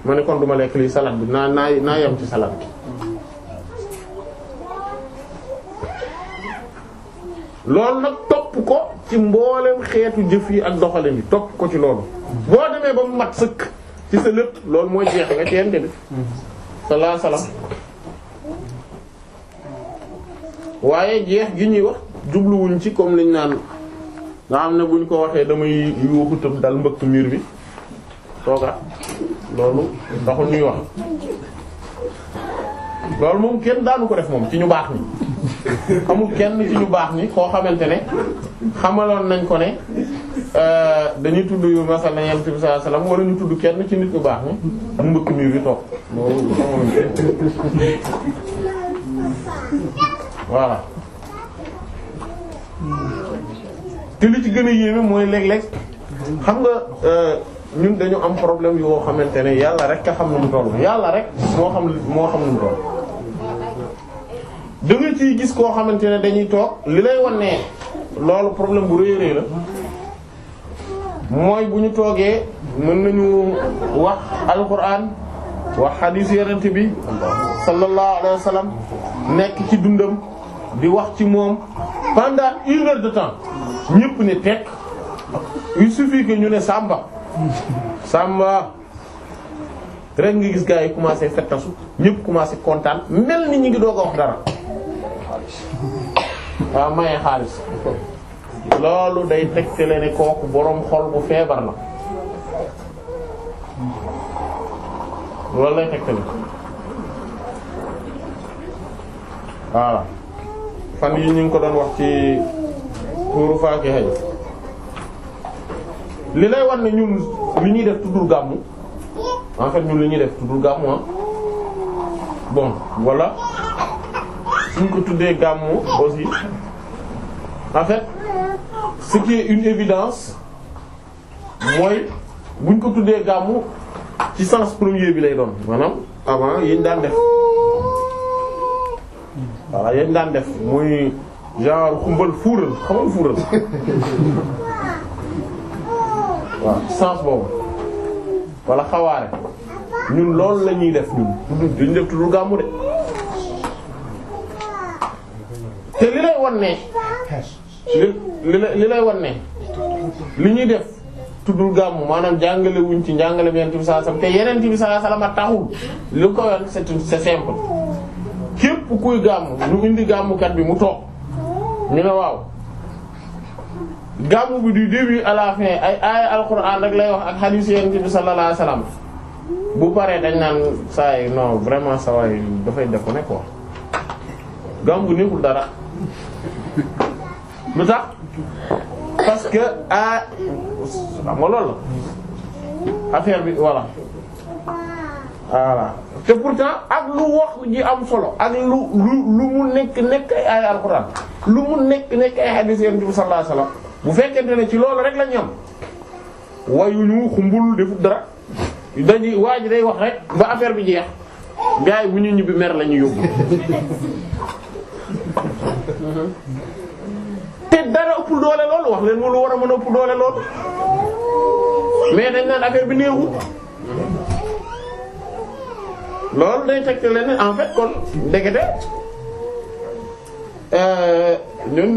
A: ma ne kon du ma lekk lii salade bi naa naa naa ci salaat bi loolu nag topp ko ci mboolem xeetu jëf yi ak doxalin yi topp ko ci loolu boo demee ba mu mat sëkk ci sa lépp loolu mooy jeex nga ci yente bi sallallahu alayhi wasallam waaye jeex gi ñuy wax jubluwuñ ci comme lañ naan nga xam ne buñ ko waxee damay yuuxu tëb dal mbëkk miir bi toogaat loolu taxul ñuy wax loolu moom kenn daanu ko def moom ci ñu baax ni amul kenn ci ñu baax ni koo xamante ne xamaloon nañ ko ne Euh, dañuy tudd yu masala yent bi sallallahu alayhi ñu tudd kenn ci nit ku baax ni mu mbëkk mi fi toog voilà te li ci gën a yéeme mooy léeg-léeg xam nga euh, ñun dañu am problème yoo xamante ne yàlla rek ka xam na mu toll yàlla rek moo xam moo xam na mu toll da ciy gis koo xamante ne dañuy toog li lay wan ne loolu problème bu rëy a la mooy bu ñu toogee mën nañu wax alquran wax xadiis yonent bi sallallahu alayhi wa sallam nekk ci dundam di wax ci moom pendant une de temps ñépp ne tekk il ñu ne sàmba sàmba rek nga gis gars yi commencé fettasu ñépp commencé kontaan mel ni ñu ngi doog a wax dara waaw maye xaalis loolu day tegtale ni kooku boroom xol bu feebar la loolu lay tegtale voilà fan yi ñu ngi ko doon wax ci tuuru faaki xaj li lay wan ne ñun li ñuy def tuddul gàmmu en fait ñun li ñuy def tuddul gàmmu ah bon voilà suñ ko tuddee gàmmu aussi en fait ce qui est une évidence mooy buñ ko tuddee gàmmu ci sens premier bi lay doon maanaam avant yéen daan def voilà yéen daan def muy genre xumbal fuural xamal fuural waaw sens boobu wala xawaare ñun loolu lañuy ñuy def ñun duñ def tudd gàmmu de te li lay wan ne li li li lay wan ne li ñuy def tuddul gàmmu maanaam jàngale wuñ ci njàngale bi yonent bi sallallahu alayhi wasallam te yonent bi sallallahu alayhi wasallam taxul lu ko yoon c'est c'est képp kuy gàmmu ñu indi gàmmukat bi mu toog ñu ne waaw gàmmu bi du début à la fin ay aaya alxuraan rek lay wax ak xadiis yonent bi sallallahu bu paree dañ naan saa no non vraiment saa yi dafay def ko ne quoi gàmmu nekkul dara. lu tax parce que a ah, nga loolu la affaire bi voilà voilà te pourtant ak lu wax ji am solo ak lu lu lu mu nekk nekk ay ay alxuraan lu mu nekk nekk ay hadith yonent bi sallallahu alayhi bu fekkente ne ci loolu rek la ñu am wayuñu xumbul defu dara dañuy waa ji day wax rek ba affaire bi jeex gars yi bu ñu ñibbi mer la ñu yóbbu. te dara ëpp doole lool wax leen ma lu war a man a ëpp doole lool mais dañ naan affaire bi néewul loolu day teg leen en fait kon ndekete euh, ñun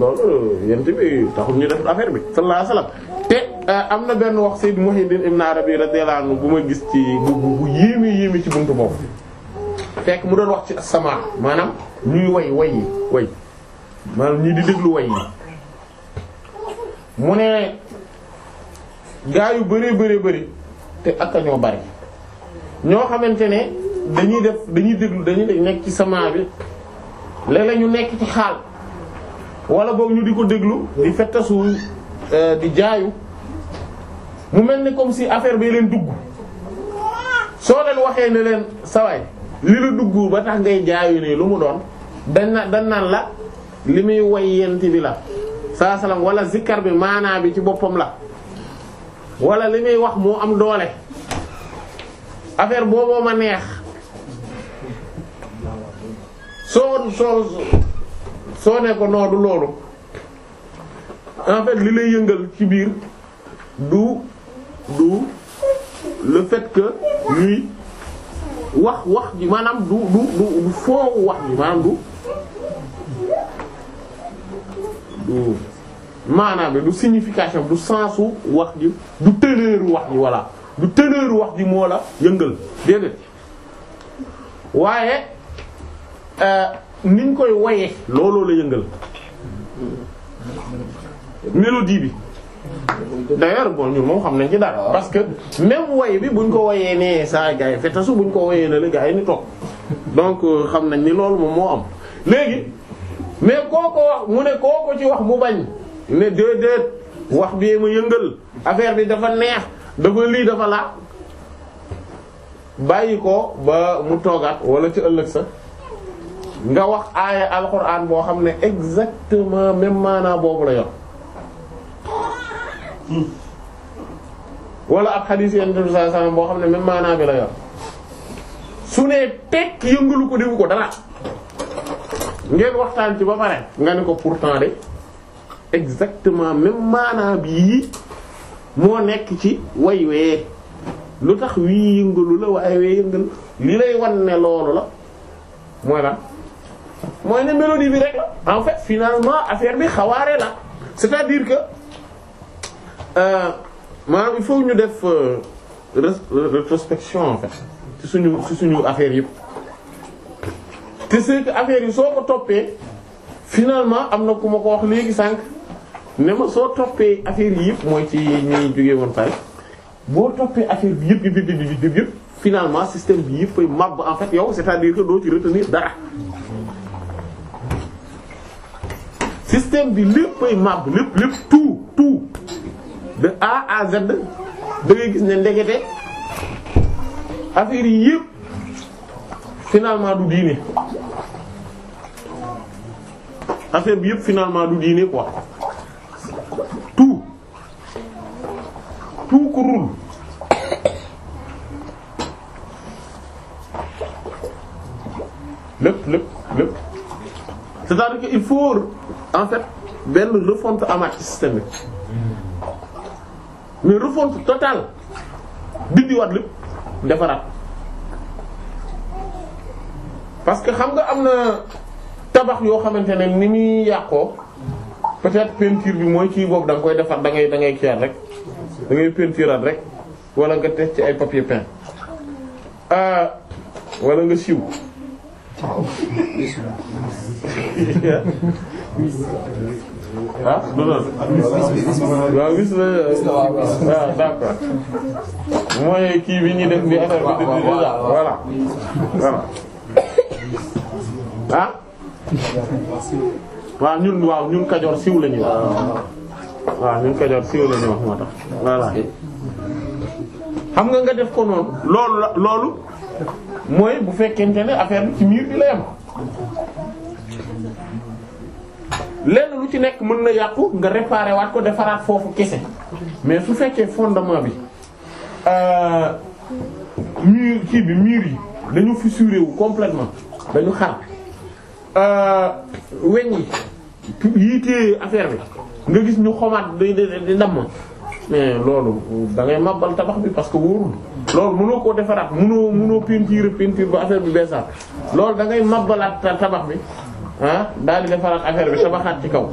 A: loolu yent bi taxul ñu def affaire bi sallallahu alayhi te euh, am na benn wax Sayyid Muhyiddin Ibn Arabi radiyallahu anhu bu ma gis ci bu bu yéeme yéeme ci buntu boobu fekk mu doon wax ci asamaan maanaam ñuy woy way way maanaam ñii di déglu way yi mu ne gaa yu bëree bëri bëri te ak ñoo bari ñoo xamante ne dañuy def dañuy déglu dañuy nekk ci sama bi léeg-léeg ñu nekk ci xaal wala boog ñu di ko déglu di fettasu euh, di jaayu mu mel ni comme si affaire bay leen dugg soo leen waxee ne leen sawaay li la dugg ba tax ngay jaayu nii lu mu doon dañ na la li muy way yent bi la saa salaam wala zikkar bi maanaa bi ci boppam la wala li muy wax moo am doole affaire booboo ma neex soo soo soo ne ko noodu loolu en li lay yëngal ci biir du du le fait que ñuy wax wax ji maanaam du du du foowu wax ji maanaam du du maanaam bi du signification du sensu wax ji du teneur wax ji du teneur wax ji moo la yëngal déedéet waaye euh, niñ koy woyee looloo la yëngal mélodie bi d'ailleurs bon ñun moom xam nañ ci dara parce que même woy bi buñ ko woyee nee saa gars yi fetasu buñ ko woyee na la gars yi ni toog donc euh, xam nañ ni loolu moom moo am léegi mais kooko mu ne koo ci wax mu bañ ne déedéet wax bi ma yëngal affaire bi dafa neex dafa lii dafa la bàyyi ko ba mu toogaat wala ci ëllëg sa nga wax aaya alxuraan boo xam ne exactement même maanaa boobu la yor wala ab xadiis Yonent bi sallallahu alayhi wasallam boo xam ne même maanaa bi la yor su ne tekk yëngalu ko defu ko dara ngeen waxtaan ci ba pare nga ne ko pourtant de exactement même maanaam bii moo nekk ci way wee lu tax wii yëngalu la waaye wee yëngal li lay wan ne loolu la mooy lan mooy ne mélodie bi rek la en fait finalement affaire bi xawaare la c'est-à-dire que euh, maanaam il faut ñu def euh, rétrospection en fait ci suñu suñu affaire yëpp te c'est que affaire yi soo ko toppee finalement am na ku ma ko wax léegi sànq ne ma soo toppee affaire yëpp mooy ci ñuy jógee woon pare boo toppee affaire bi yëpp yëpp yëpp yëpp yëpp finalement système bi yëpp ay màbb en fait yow c'est-à-dire que doo ci retenir dara bi lépp ay màbb lépp lépp tout tout de A dangay Z da gis ne ndekete affaire yi yëpp. finalement du diine affaire bi yëpp finalement du diine quoi tout tout ko rul lépp lépp c'est-à-dire que il faut en fait benn refonte amaat système bi mais refonte totale dindiwaat lépp parce que xam nga am na tabax yoo xamante ne ni muy yàqoo peut-être peinture bi mooy kii boobu da koy defar da ngay da ngay rek da ngay peinturaat rek walla nga teg ci ay papier peint siw. ah du waaw wis la waaw mooy kii bi ñuy def bi affaire ah waaw ñun waaw ñun Kajoor siiw la ñuy wax waaw ñun Kajoor siiw la wax moo tax xam nga nga loolu loolu mooy bu fekkee ne affaire bi ci miir bi la yem lenn lu ci nekk mën na yàqu nga réparer waat ko defaraat foofu kese mais su fekkee fondement bi euh, mur kii bi mur yi dañu fi wu complètement dañu xar euh, weñ yi yii téye affaire bi nga gis ñu xomaat di di damm mais loolu da ngay màbbal tabax bi parce que wóorul loolu mënoo koo defaraat mënoo mënoo peinture peinture ba affaire bi beesaat loolu dangay ngay màbbalaat tabax bi ah daal di defaraat affaire bi tabaxaat ci kaw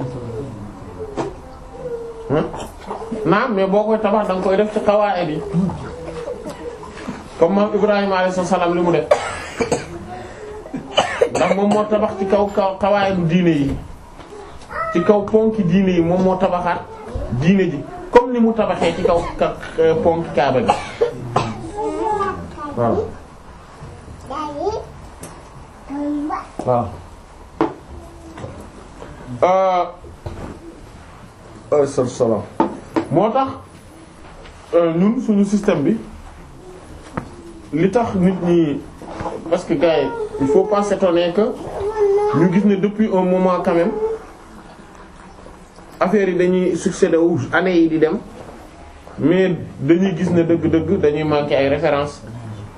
A: naam mais boo koy tabax da nga koy def ci xawaayit yi comme moom Ibrahima salaam li mu def ndax moom moo tabax ci kaw kaw diine yi ci kaw ponki diine yi moom moo tabaxaat diine ji comme ni mu tabaxee ci kaw ponki kaaba gi waaw waaw ah. salaam moo tax euh, ñun suñu système bi li tax nit ñi parce que gars yi il faut pas s'étonner que ñu gis ne depuis un moment quand même affaires yi dañuy succéder wu année yi di dem mais dañuy gis ne dëgg-dëgg dañuy manquer ay références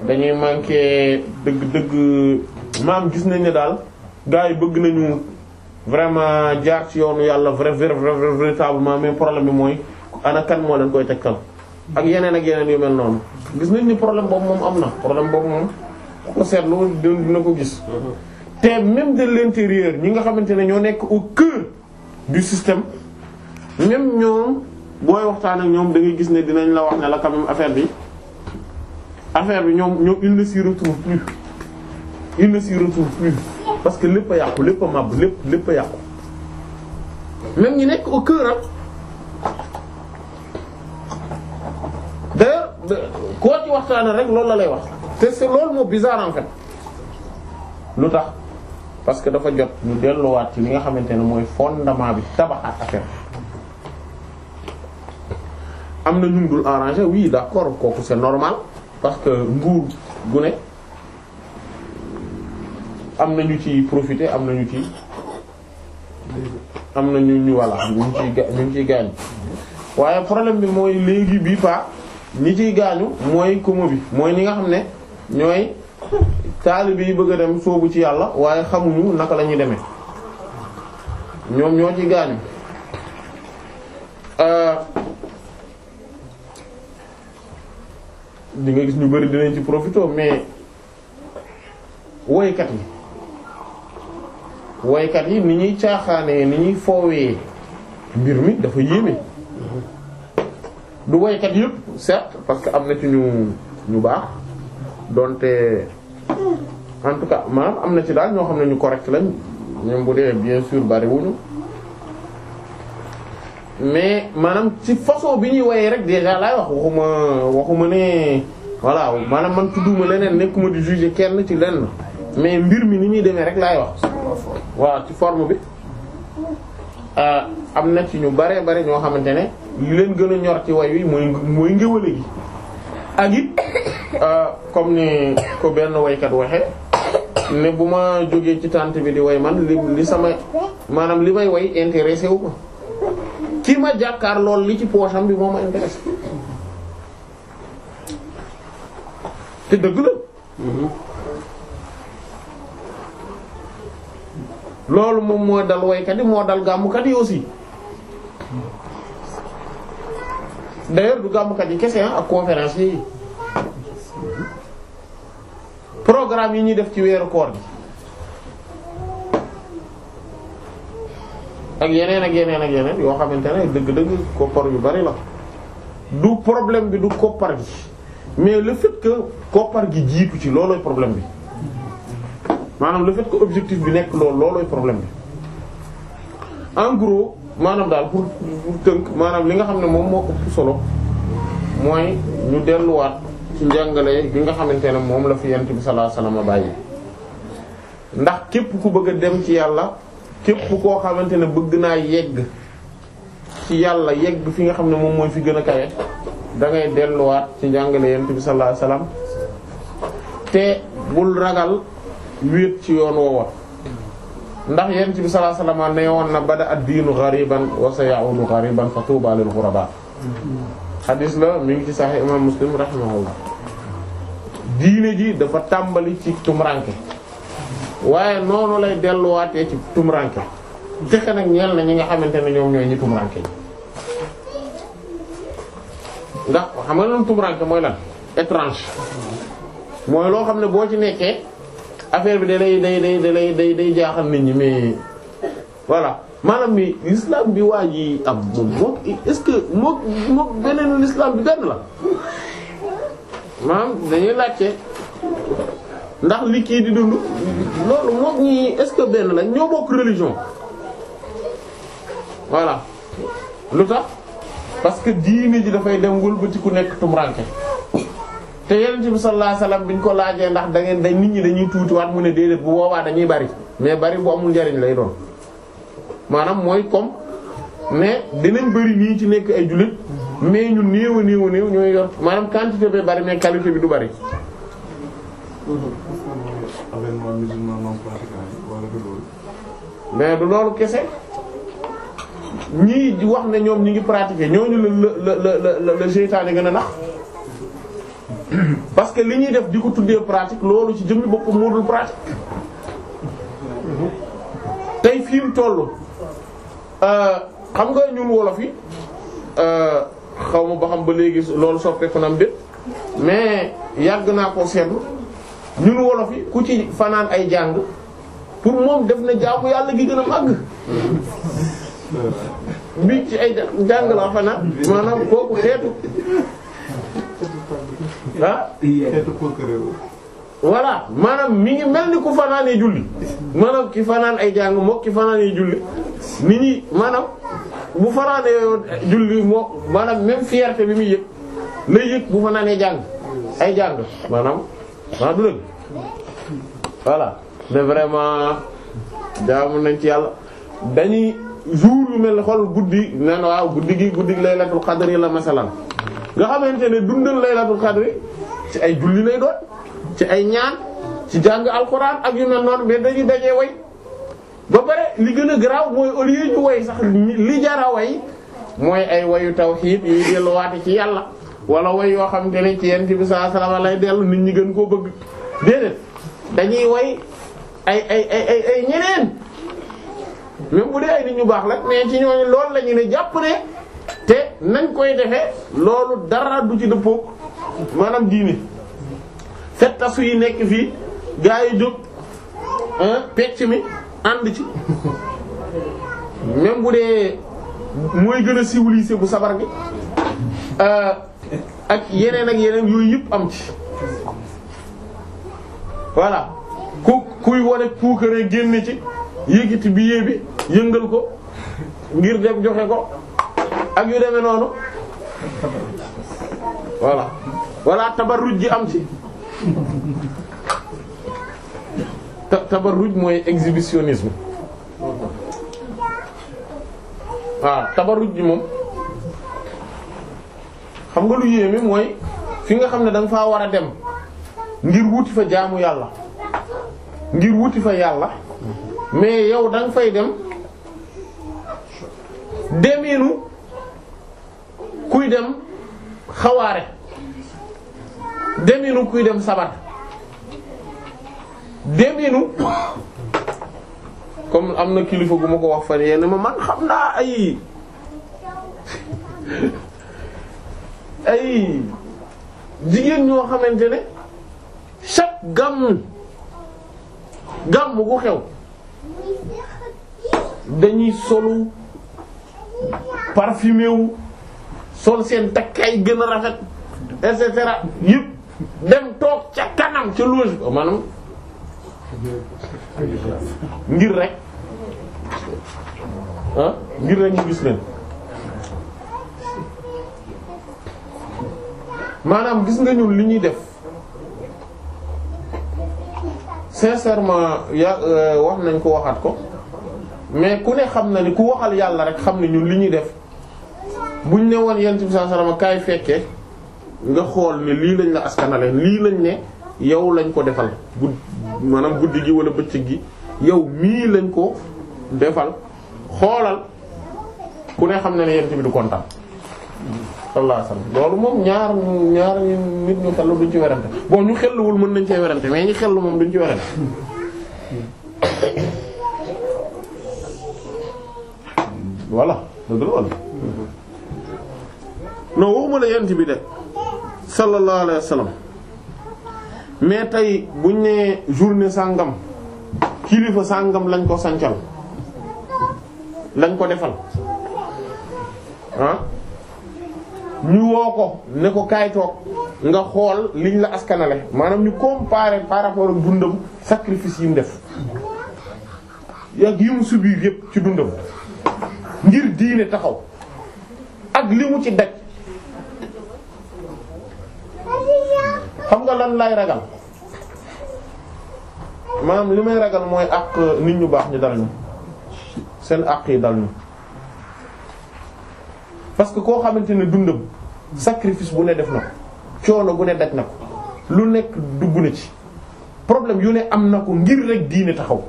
A: dañuy manquer dëgg-dëgg maam gis nañ ne daal gaa yi bëgg nañu vraiment jaar ci yoonu yàlla vrai vrai vrai véritablement mais problème bi mooy ana kan moo leen koy tekkal ak yeneen ak yeneen yu mel noonu gis nañ ni problème boobu moom am na problème boobu moom. ko seetlu dina ko gis te même de l'intérieur ñi nga xamante ne ñoo nekk au cœur du système même ñoom booy waxtaan ak ñoom da gis ne dinañ la wax ne la quand affaire bi affaire bi ñoom ñoom il ne s'y retrouve plus il ne s'y retrouve plus parce que lépp a yàqu lépp a màbb lépp lépp a yàqu même ñi nekk au cœur ak d'ailleurs koo ci waxtaanee rek loolu la lay wax te c'est loolu moo bizarre en lu tax parce que dafa jot ñu delluwaat ci li nga xamante ne mooy fondement bi tabaxaat affaire am na ñu dul arrangé oui d'accord kooku c'est normal parce que nguur gu ne am na ñu ci profiter am na ñu ci am na ñu ñu voilà ñu ciy ñu ciy gaañu waaye problème bi mooy léegi bii pas ñi ciy gaañu mooy komo bi mooy ñi nga xam ne ñooy taalibe yi bëgg a dem soobu ci yàlla waaye xamuñu naka lañuy deme ñoom ñoo ci gaañu euh, di nga gis ñu bari dinañ ci profité mais woykat yi woykat yi ni ñuy caaxaanee ni ñuy foowee mbir mi dafa yéeme du woykat yépp certes parce que am na ci ñu ñu baax te en tout cas maanaam am na ci daal ñoo xam ne ñu correct lañ ñoom bu dee bien sûr bariwuñu mais maanaam ci façon bi ñuy woyee rek déjà laay wax waxuma waxuma ne voilà maanaam man tudduma leneen nekkuma di juger kenn ci lenn mais mbir mi ni muy demee rek laay wax waaw ci form bi euh, am na ci ñu bare bare ñoo xamante ne li leen gën a ñor ci way wi mooy mooy ngéwale gi ak Ah, comme ni ko benn waykat waxe ne bu ma jógee ci tànt bi di woy man li li sama maanaam li may woy intéressé wu ma ki ma jàkkaar lool li ci poosam bi moo ma intéressé te dëgg la loolu moom moo dal waykat yi moo dal gàmmkat yi aussi d'ailleurs du gàmmkat yi kese ah, ak conférence yi programme yi ñuy def ci weeru koor gi ak yeneen ak yeneen ak yeneen yoo xamante ne dëgg-dëgg koppar yu bari la du problème bi du koppar gi mais le fait que koppar gi jiitu ci loolooy problème bi maanaam le fet ko objectif bi nekk loolu loolooy problème bi en maanaam daal pour pour tënk maanaam li nga xam ne moom moo ko solo mooy ñu delluwaat. ci njàngale bi nga xamante ne moom la fi yent bi sallallahu alayhi wasallam bàyyi ndax képp ku bëgg a dem ci yàlla képp ku koo xamante ne bëgg naa yegg ci yàlla yegg fi nga xam ne moom mooy fi gën a kawe da ngay delluwaat ci njàngale yent bi sallallahu te bul ragal wéet ci yoon woowa ndax yent bi sallallahu alayhi wasallam ne woon na bada ad-diinu ghariban wa sayaudu ghariban fa tuuba lil xadis la mu ngi ci Sahih imam Muslim rahimahullah diine ji dafa tàmbali ci tumuranke waaye noonu lay delluwaatee ci tumuranke fexe nag ñeel na ñi nga xamante ne ñoom ñooy ñi tumuranke ndax xam nga loolu mooy lan étrange mooy loo xam ne boo ci nekkee affaire bi da lay day day day day day jaaxal nit ñi mais voilà maanaam ni l'islam bi waa yi am moom moom est-ce que moom moom beneen bi benn la maanaam dañuy laajte ndax li kii di dund loolu moom ñi est-ce que benn la ñoo bokk religion voilà lu tax parce que diine ji dafay dem wëlbati ku nekk tumranke te yonent bi sallallahu alayhi wasallam biñ ko laajee ndax da ngeen day nit ñi dañuy tuutiwaat mu ne déedéet bu boobaa dañuy bari mais bari bu amul njariñ lay doon maanaam mooy comme mais dinañ bëri nii ci nekk ay jullit mais ñu néew a néew a ñooy yor maanaam quantité bi bari mais qualité bi du bari. mais du loolu kese ñii wax ne ñoom ñu ngi pratiquer ñooñu la la la la seytaane gën a nax parce que li ñuy def di ko tuddee pratique loolu ci jëmmi boppam moo dul pratique tey fi mu tollu. Euh, xam nga ñun wolof yi euh, xaw ma ba xam ba léegi loolu soppeeku na am déet mais yàgg naa ko seetlu ñun wolof yi ku ci fanaan ay jàng pour moom def na jaamu yàlla gi gën a màgg bi ci ay jàng la fanaan maanaam kooku xeetu ah voilà maanaam mi mel ni ku fanaanee julli maanaam ki fanaan ay jàng mook ki fanaanee julli nit ñi maanaam bu fanaanee julli moo maanaam même fierté bi muy yëg lay yëg bu fanaanee jàng ay jàng maanaam maanaam du dëgg voilà mais vraiment jaamu nañ ci yàlla dañuy jour yu mel xol guddi nen waaw guddi gi guddi laylatul qadr la masalan nga xamante ne dundal laylatul qadr ci ay julli lay doon ci ay ñaan ci jàng alxuraan ak yu mel noonu mais dañuy dajee woy ba pare li gën a garaaw mooy au lieu ñu way sax li jara way mooy ay wayu tawxiid yuy delluwaate ci yàlla wala woy yoo xam te ne ci yent bi sallallahu alayhi wasallam lay dellu nit ñi gën koo bëgg déedéet dañuy woy ay ay ay ay ñeneen même bu dee ay nit ñu baax la mais ci ñooñu loolu la ñu ne jàpp ne te nañ koy defee loolu dara du ci dëppoog maanaam diine fettasu yi nekk fii gaa yi jóg pecc mi ànd ci même bu dee mooy gën a civilisé bu sabar bi euh, ak yeneen ak yeneen yooyu yëpp am ci voilà ku kuy wane puukare génn ci yëgiti bi bi yëngal ko ngir dem joxe ko ak yu demee noonu voilà voilà tabarruj ji am ci tabarruj mooy exhibitionnisme waaw ah, tabarruj bi moom xam nga lu yéeme mooy fi nga xam ne danga faa war a dem ngir wuti fa jaamu yàlla ngir wuti fa yàlla mais yow danga fay dem demeenu kuy dem xawaare deminu kuy dem sabat deminu comme am na kilifa gu ma ko wax fan yenn ma man xam naa ay ay jigéen ñoo xamante ne chaque gàmm gàmm gu xew dañuy solu parfumé wu sol seen takkaay gën a rafet et cetera yëpp dem toog ca kanam ca loge ba maanaam ngir rek ah ngir rek gis leen maanaam gis nga ñun li ñuy def sincèrement ya euh, wax nañ ko waxaat ko mais ku ne xam na ni ku waxal yàlla rek xam ne ñun li ñuy def buñ ne woon yent bi sallallahu alayhi wasallam kaay nga xool ne lii lañ la askanale lii lañ ne yow lañ ko defal bu maanaam guddi gi wala bëccëg gi yow mii lañ ko defal xoolal ku ne xam ne ne yent bi du kontaan sallallahu alayhi wasallam loolu moom ñaar ñaar nit ñu xellu duñ ci werante bon ñu xelluwul mën nañ cee werante mais ñu xellu moom duñ ci werante voilà dëgg la wala non waxuma la yent bi de sallallahu alayhi wa sallam mais tey buñ nee journée sangam kilifa sangam lañ ko sancal lañ ko defal ah ñu woo ko ne ko kaay toog nga xool liñ la askanale maanaam ñu comparer par rapport ak dundam sacrifice yi mu def ak yi mu subir yépp ci dundam ngir diine taxaw ak li mu ci daj xam nga lan lay ragal maanaam li may ragal mooy àq nit ñu baax ñu dal ñu seen àq yi dal ñu parce que koo xamante ne dundam sacrifice bu ne def na ko coono bu ne daj na ko lu nekk dugg na ci problème yu ne am na ko ngir rek diine taxaw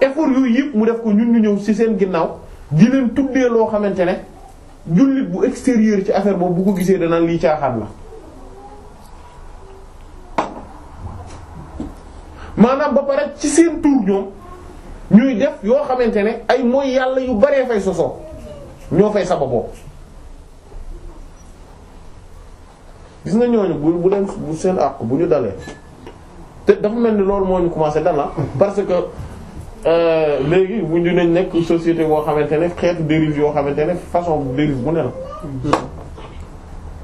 A: effort yooyu yëpp mu def ko ñun ñu ñëw ci seen ginnaaw di leen tuddee loo xamante ne jullit bu extérieur ci affaire boobu bu ko gisee danaan lii caaxaan la maanaam ba pare ci seen tur ñoom ñuy def yoo xamante ne ay mooy yàlla yu baree fay sosoo ñoo fay sababoo gis nga ñooñu bu bu leen bu seen àq bu ñu dalee te dafa mel ni loolu moo ñu commencé dana parce que Euh, léegi mujj nañ nekk société woo xamante ne xeetu dérive yoo xamante ne façon dérive bu ne la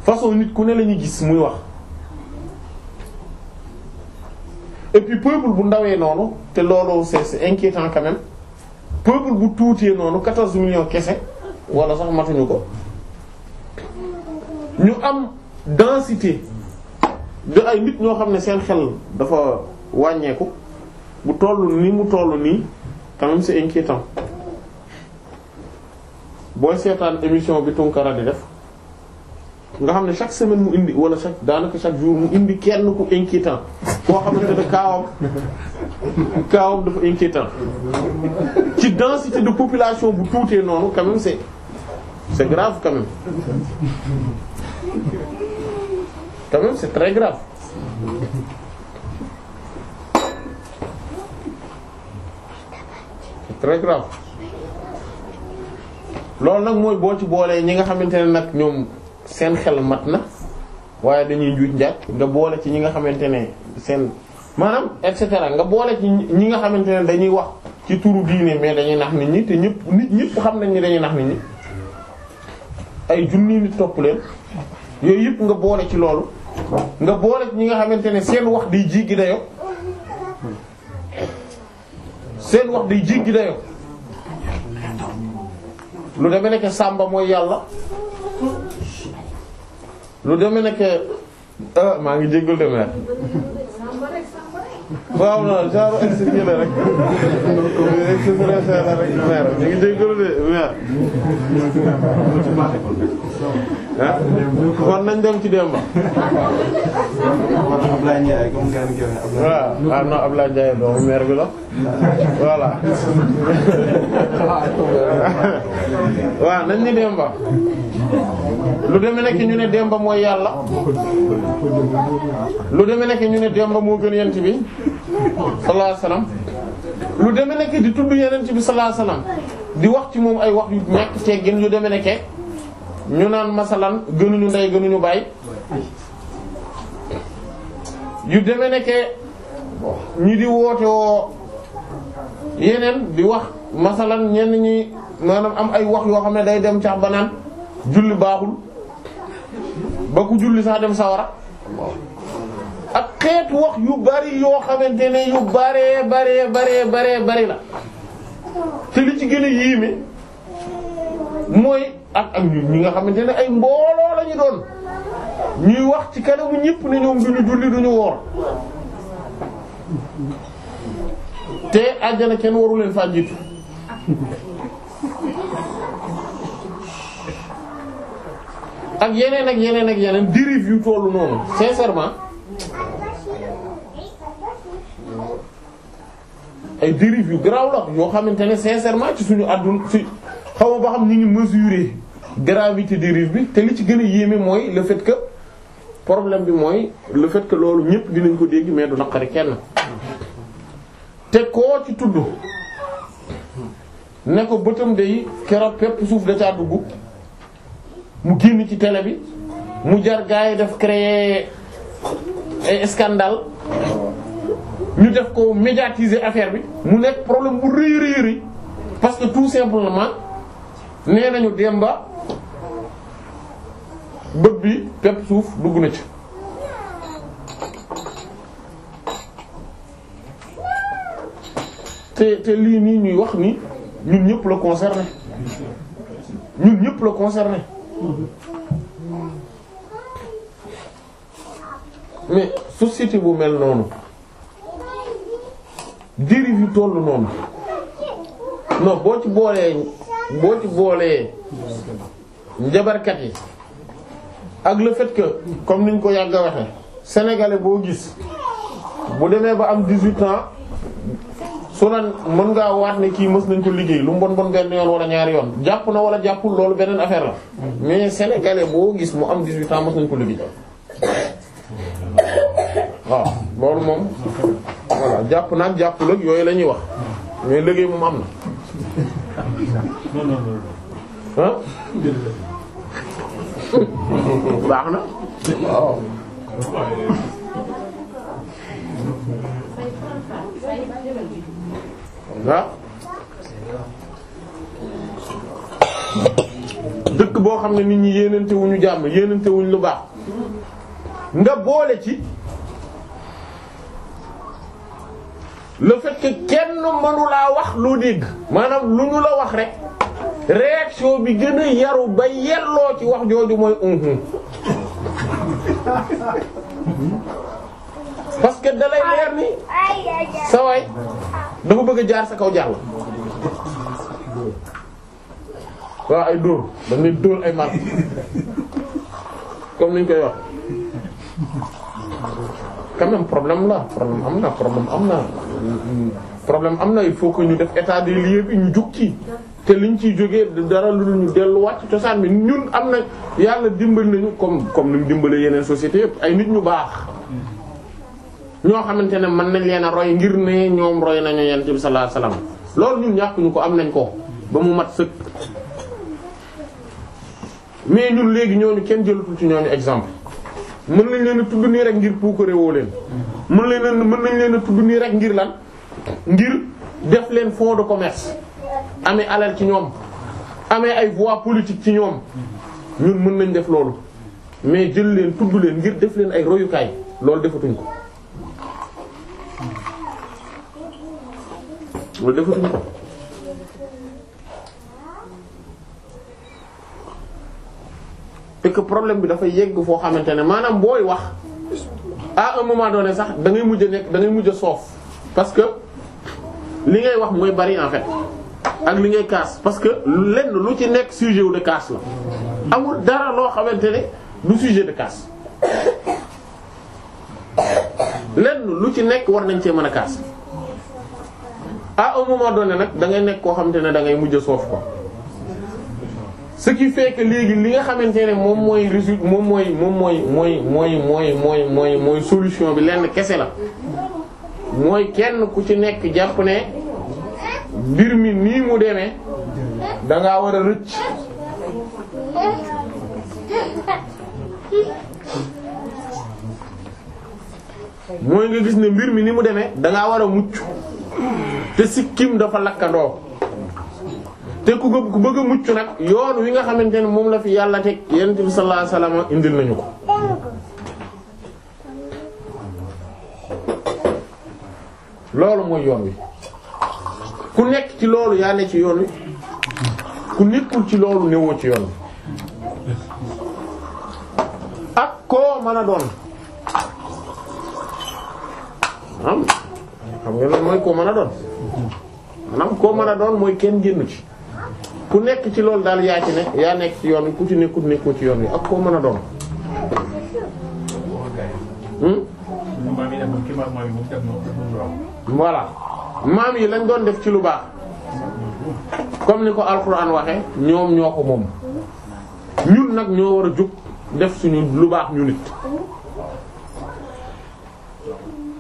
A: façon nit ku ne lañuy gis muy wax et puis peuple bu ndawee noonu te loolu c'est c'est inquiétant quand même peuple bu tuutee noonu quatorze millions kese wala sax matuñu ko ñu am densité de ay nit ñoo xam ne seen xel dafa wàññeeku bu toll ni mu toll nii quand même c'est inquiétant booy seetaan émission bi Tunkara di def nga xam ne chaque semaine mu indi wala chaque daanaka chaque jour mu indi kenn ku inquiétant koo xamante ne kaawam kaawam dafa inquiétant ci densité de population bu tuutee noonu quand même c'est grave quand même quand même grave c'est loolu nag mooy boo ci boolee ñi nga xamante ne nag ñoom seen xel mat na waaye dañuy juuj njaaj nga boole ci ñi nga xamante ne seen maanaam et cetera nga boole ci ñi nga xamante ne dañuy wax ci turu diine mais dañuy nax nit ñi te ñëpp nit ñëpp xam nañ ni dañuy nax nit ñi ay junni nit topp leen yooyu yëpp nga boole ci loolu nga boole ci ñi nga xamante ne seen wax di jigi dayo seen wax day jéggi dayoo lu deme nekk sàmba mooy yàlla lu deme nekk ah, maa ngi jéggul demee waaw non genre expliqué la rek expliqué la rek maire ñu ngi jéggul de maire ah nañ dem ci Demba. waaw ah, Ablaye Ndiaye comme nga ne bi la voilà waaw nañ ni Demba lu demee nekk ñu ne Demba mooy yàlla lu demee nekk ñu ne Demba moo gën yent bi sallallahu alayhi wasallam lu demee nekk di tudd yeneen ci bi sallallahu alayhi di wax ci moom ay wax yu nekk teggin yu demee nekkee. ñu naan masalan gënuñu ndey gënuñu baay yu deme ne ke ñi di woote yeneen di wax masalan ñenn ñi maanaam am ay wax yoo xam ne day dem cax banaan julli baaxul ba ku julli sax dem sawara ak xeet wax yu bari yoo xamante ne yu baree baree baree baree la te ci gën a yéeme mooy ak ak ñun ñi nga xamante ne ay mbooloo lañu doon ñuy wax ci kanamu ñépp ne ñoom duñu julli duñu woor te àjjana kenn waru leen faa ak yeneen ak yeneen ak yeneen dérive yu tollu noonu sincèrement ay dérive yu garaaw la yoo xamante ne sincèrement ci suñu àdduna ci xaw ma ba xam ñu ngi mesurer gravité dérive bi te li ci gën a yéeme mooy le fait que problème bi mooy le fait que loolu ñépp dinañ ko dégg mais du naqari kenn te koo ci tudd ne ko bëtam day keroog pepp suuf da caa dugg mu génn ci tele bi mu jar gaay def créer ay scandale ñu def ko médiatiser affaire bi mu nekk problème bu rëy rëy rëy parce que tout simplement nee nañu Demba bët bi pepp suuf dugg na ci te te lii nii ñuy wax ni ñun ñëpp la concerné ñun ñëpp la concerné mais société bu mel noonu dérive yu tollu noonu non boo ci boolee boo ci boolee njabarkat yi ak le fait que comme niñ ko yàgg waxe sénégalais boo gis bu demee ba am 18 ans su nan mën ngaa waat ne kii mës nañ ko liggéey lu mbon bon benn yoon wala ñaari yoon jàpp na wala jàppul loolu beneen affaire la mais sénégalais boo gis mu am 18 ans mës nañ ko liggéey waaw loolu moom voilà jàpp naag jàppul ak yooyu lañuy wax mais liggéey moom am na non baax na. waaw. dëkk boo xam ne nit ñi yéenante wuñu jàmm yéenante wuñ lu baax. nga boole ci. le fait kenn mënu laa wax lu dégg maanaam lu ñu la wax rek réaction bi gën a yaru ba yelloo ci wax jooju mooy unhun parce que dalay leer ni sa waay dafa bëgg a jaar sa kaw jàll waaw ay dóor dañ dóor ay mar comme niñ koy wax quand même problème la problème am na problème am na problème am na il faut que ñu def état des lieux bi ñu jug ci te liñ ciy jógee dara lu ñu delluwaat ci cosaan bi ñun am na yàlla dimbali nañu comme comme ni mu dimbalee yeneen société yëpp ay nit ñu baax. ñoo xamante ne mën nañ leen a roy ngir ne ñoom roy nañu yonent bi sallallahu alayhi wasallam loolu ñun ñàkk ñu ko am nañ ko ba mu mat sëkk mais ñun léegi ñooñu kenn jëlatul ci ñooñu exemple. mën nañ leen a tudd nii rek ngir puukare woo leen mën leen mën nañ leen a tudd nii rek ngir lan ngir def leen fonds de commerce amee alal ci ñoom amee ay voix politique ci ñoom ñun mën nañ def loolu mais jël leen tudd leen ngir def leen ay royukaay loolu defatuñ ko loolu defatuñ ko et que problème bi dafa yegg foo xamante ne maanaam booy wax à un moment donné sax da ngay mujj a nekk da ngay mujj a soof parce que li ngay wax mooy bari en fait ak li ngay kaas parce que lenn lu ci nekk sujet wu de kaas la amul dara loo xamante ne du sujet de kaas lenn lu ci nekk war nañ cee mën a kaas à un moment donné nag da ngay nekk koo xamante ne da ngay mujj a soof ko ce qui fait que léegi li nga xamante ne moom mooy résultat moom mooy moom mooy mooy mooy mooy mooy mooy mooy solution bi lenn kese la mooy kenn ku ci nekk jàpp mbir mi nii mu demee da war a rëcc mooy nga gis ne mbir mi ni mu demee da war a mucc te sikkim dafa lakkandoo. te ku ku bëgg a mucc nag yoon wi nga xamante ne moom la fi yàlla teg yonent bi sallallahu alayhi wasallam indil nañu ko. loolu mooy yoon wi ku nekk ci loolu yaa ne ci yoon wi ku nekkul ci loolu newoo ci yoon wi ak koo mën a doon. am xam mooy koo mën a doon maanaam koo mën a doon mooy kenn génn ci. ku nekk ci loolu daal yaa ci ne yaa nekk ci yoon wi ku ci nekkut nekkoo ci yoon wi ak koo mën a doon. Hmm? voilà maam yi lañ doon def ci lu baax comme ni ko alxuraan waxe ñoom ñoo ko moom ñun nag ñoo war a jóg def suñu lu baax ñu nit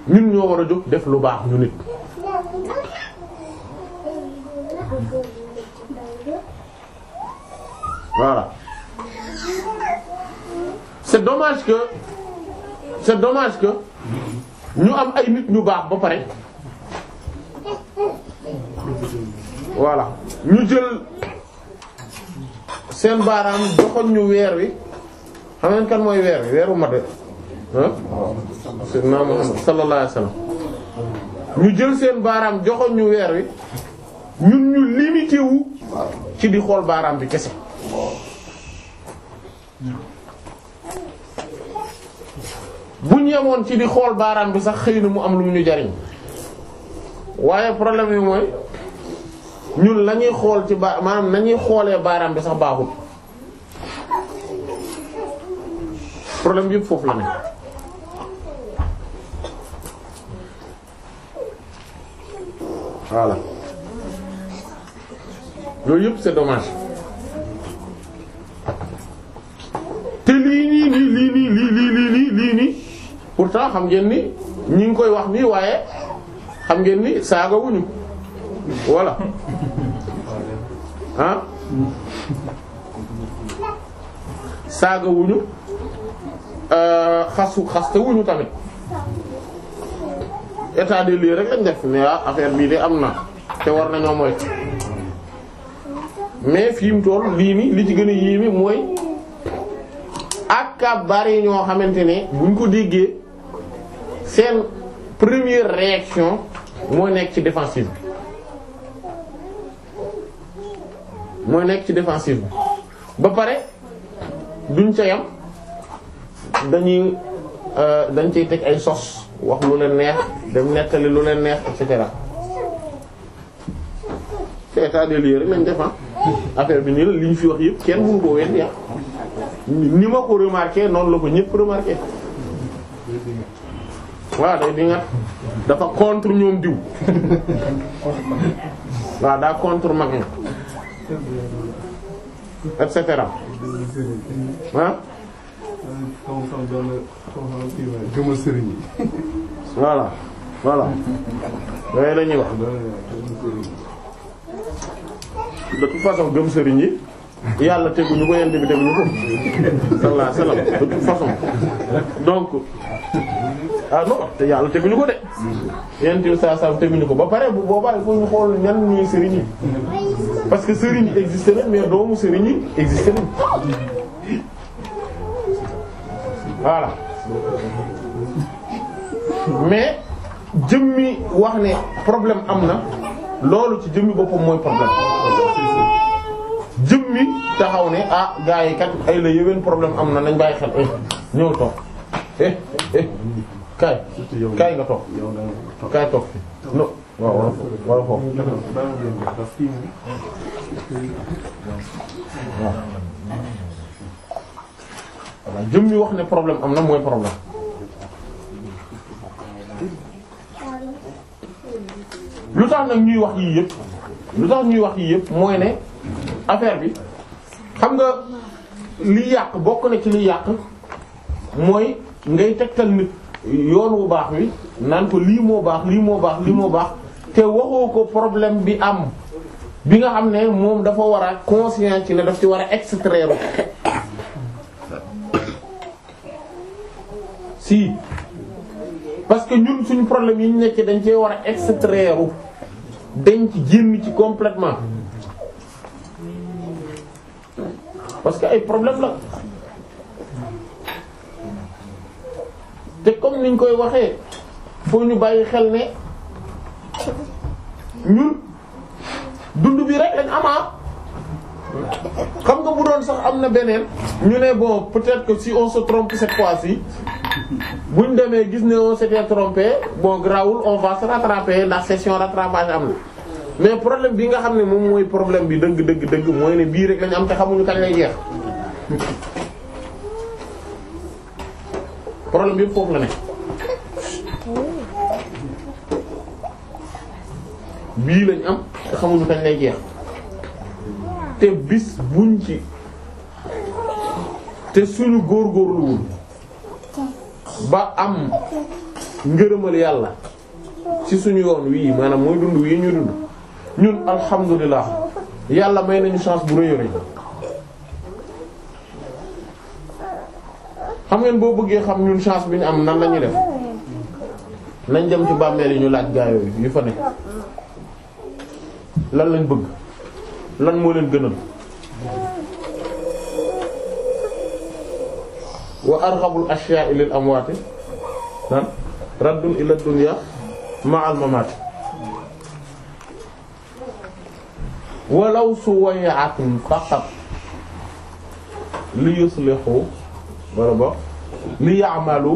A: ñun ñoo war a jóg def lu baax ñu nit voilà c'est dommage que c'est dommage que ñu am ay nit ñu baax ba pare voilà ñu jël seen baaraam joxoon ñu weer wi xam ngeen kan mooy weer wi weeru mat ah sayyidina Muhammad sallallahu alayhi wasallam ñu jël seen baaraam joxoon ñu weer wi ñun ñu limité wu ci di xool baaraam bi kese bu ñu yemoon ci di xool baaraam bi sax xëy na mu am lu mu ñu jariñ waaye problème bi mooy ñun la xool ci ba maanaam nañuy xoolee baaraam bi sax baaxul problème yëpp foofu la ne voilà loolu yëpp c'est dommage te lii nii nii lii nii lii lii lii lii lii nii pourtant xam ngeen ni ñi ngi koy wax nii waaye xam ngeen ni saaga wuñu voilà ah saaga wuñu euh, xasu xaste wuñu tamit état de lieu rek lañ def mais ah, affaire bii de am na te war nañoo moytu mais fi mu lii nii li ci gën a yéeme mooy. ak ka bari ñoo xamante ne buñ ko déggee seen première réaction moo nekk ci défensive bi moo nekk ci défensive bi ba pare duñ ca yam dañuy euh, dañ ciy teg ay sos wax lu leen neex dem nekkali lu leen neex et cetera c'est état de lieu lañ defan ah. affaire bi nii la li ñu fi wax yëpp kenn mënu ko weddi ah ni ma ko remarqué noonu la ko ñëpp remarqué waaw day di nga dafa contre ñoom diw waaw daa contre mag ña et cetera ah. voilà voilà yooyu ñuy wax. de toute façon gëm sëriñ yi yàlla teguñu ko yent bi teguñu ko sallallahu alayhi wasallam façon donc ah non te yàlla teguñu ko de yent bi saa saa teguñu ko ba pare bu boobaa il faut ñu xool ñan ñuy sëriñ yi parce que sëriñ yi existé na mais doomu sëriñ yi existé na voilà mais jëmmi wax ne problème am na loolu ci jëmmi boppam mooy problème jëmmi taxaw ne ah gaa yi kat ay la yeween problème am na nañ bàyyi xel eh, ñëw toog eh eh, eh. kaay kaay nga toog kaay toog fi no waaw waaw waaw foofu wax ne problème am na mooy problème lu tax nag ñuy wax yii yëpp lu tax ñuy wax yii yëpp mooy ne affaire bi xam nga li yàq bokk na ci li yàq mooy ngay tegtal nit yoon wu baax wi naan ko lii moo baax lii moo baax lii moo baax te waxoo ko problème bi am bi nga xam ne moom dafa war a conscient ci ne daf ci war a extraire si parce que ñun suñu problème yi ñu nekk dañ cee war a extraire denc génn ci complètement parce que ay problème la te comme niñ koy waxee foo ñu bàyyi xel ne ñun dund bi rek lañ amaa xam nga bu doon sax am na beneen ñu ne bon peut-être que si on se trompe cette fois-ci buñ demee gis ne on s'était trompé bon grawul on va se rattraper ndax session rattrapage am na mais problème bi nga xam ne moom mooy problème bi dëgg dëgg dëgg mooy ne bii rek lañu am te xamuñu kañ bi foofu bii lañ am te xamuñu kañ lay jeex te bis buñ ci te suñu góorgóorluwul ba am ngërëmal yàlla ci suñu yoon wii maanaam mooy dund wii ñu dund ñun alhamdulilah yàlla may nañu chance bu rëy rëy xam ngeen boo bëggee xam ñun chance bi ñu am nan lañu def nañ dem ci bàmmeel yi ñu laaj gaayoo yi yu fa nekk lan lañ bëgg lan moo leen gënal wa arxabul ashya'i lil amwaati nan raddun ila dunya ma'al mamati walaw suway'atun faqat li yuslihu wala ba li ya'malu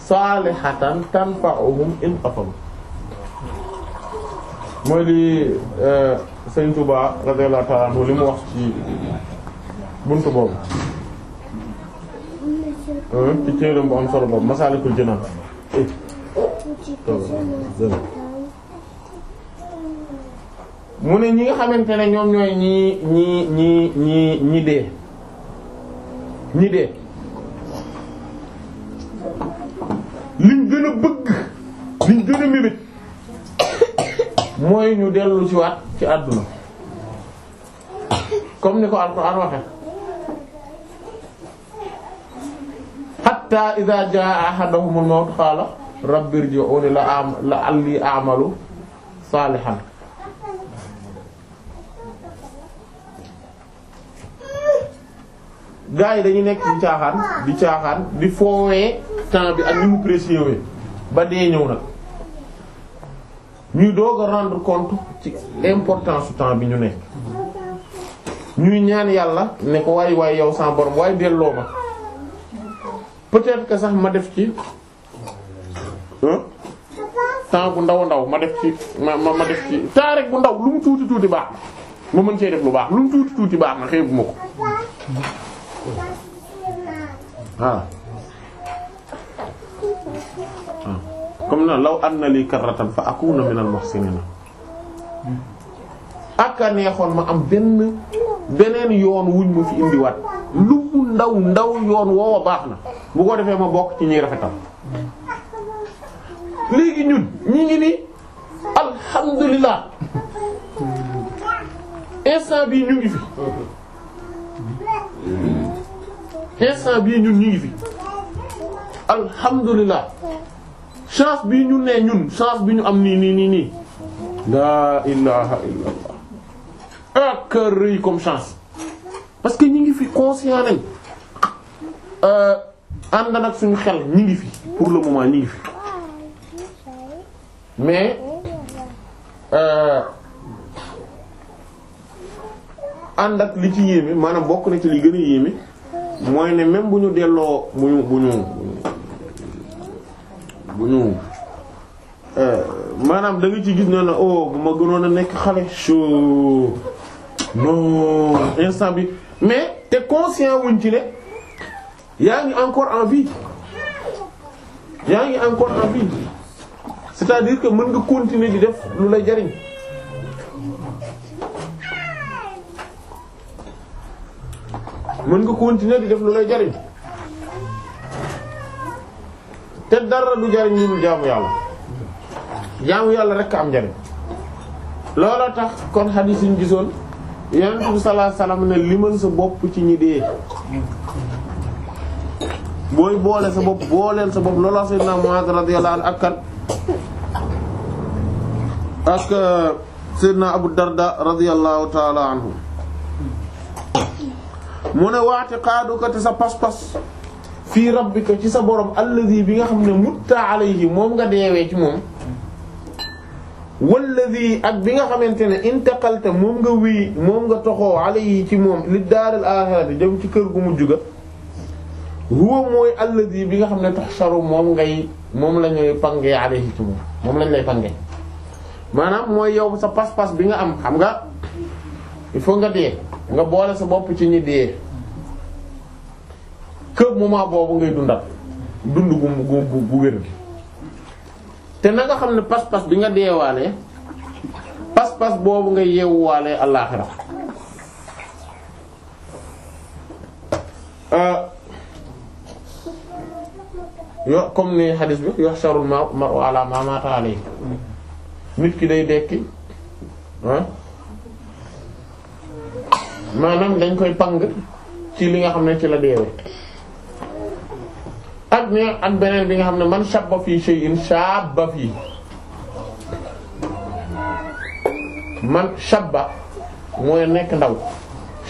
A: salihatan tanfa'uhum in qafalu mooy li eh, sëñ Touba radiyallahu ta'ala anhu li mu wax ci buntu boobu ci téeram bu mu ne ñi nga xamante ne ñoom ñooy ñi ñi ñi ñi ñi dee ñi dee liñ gën a bëgg liñ gën a mébét mooy ñu dellu si waat ci àdduna comme ni ko alquran waxe hatta idha jaa ahadahumul mawt qala rabbi irji'uni la'alli a'malu salihan gaa yi dañu nekk di caaxaan di caaxaan di foowee temps bi ak ni mu précieux ba dee ñëw nag ñuy doog a rendre compte ci importance su temps bi ñu nekk ñuy ñaan yàlla ne ko waaye waaye yow sans borom waaye delloo ma peut-être sax ma def ci temps bu ndaw ndaw ma def ci ma ma def ci temps rek bu ndaw lu mu tuuti tuuti baax ma mën cee def lu baax lu mu tuuti tuuti baax na ma ko waaw ah. comme naa law anna li karratan fa akuna minal muhsinin ak a neexoon ma am benn beneen yoon wuñ ma fi indiwaat lu ndaw ndaw yoon woowa baax na bu ko defee ma bokk ci ñuy rafetal léegi ñun ñi ngi ni alhamdulilah instant bii ñu ngi fi instant bii ñun ñu ngi fi alhamdulilah chance bi ñu ne ñun chance bi ñu am nii nii nii nii laa ilaha illallah ak rëy comme chance parce que ñu ngi fi conscient nañ euh, ànd nag suñu xel ñu ngi fi pour le moment ñu ngi fi mais euh, ànd ak li ci yéeme maanaam bokk na ci li gën a yéeme mooy ne même bu ñu delloo bu ñu bu ñu bu ñu euh, maanaam da ci gis ne na oh bu ma gënoon a nekk xale soo non instant bi mais te conscient wuñ ci ne yaa ngi encore en vie yaa ngi encore en c'est-à-dire que mën nga continuer di def lu lay jariñ mën nga continuer di def lu lay jariñ te dara du jariñ lu dul jaamu yàlla jaamu yàlla rek am njariñ looloo tax kon xadiis yi gisoon yonent bi ne limal sa bopp ci ñi dee booy boole sa bopp booleel sa bopp looloo sayyidina Muaz radiyallahu anhu ak kan ak euh, Abu Darda radiyallahu ta'ala anhu mu ne waati xaaduka sa pas-pas fii rab bi rabbika ci sa borom alladhi bi nga xam ne mutta yi moom nga deewee ci moom walladhi ak bi nga xamante ne intaqalta moom nga wii moom nga toxoo yi ci moom li daaril aaxirati jëm ci kër gu mujj ga huwa bi nga xam ne tuhsharu moom ngay moom lañuy pangee alayhi ci moom moom lañ lay pangee maanaam mooy yow sa pas-pas bi nga am xam nga il faut nga dee nga boole sa bopp ci ñu dee que moment boobu ngay dundal dund gu gu gu wér gi te na nga xam ne pas-pas bi nga deewaalee pas-pas boobu nga yeewuwaalee àllaaxira euh, yo comme ni xadis bi yuhsharul mar'u ala ma mata nit ki day dekki ah maanaam dañ koy pang ci li nga xam ne ci la deewee ak ne ak beneen bi nga xam ne man shabba fii shay'in shabba fii man shabba mooy nekk ndaw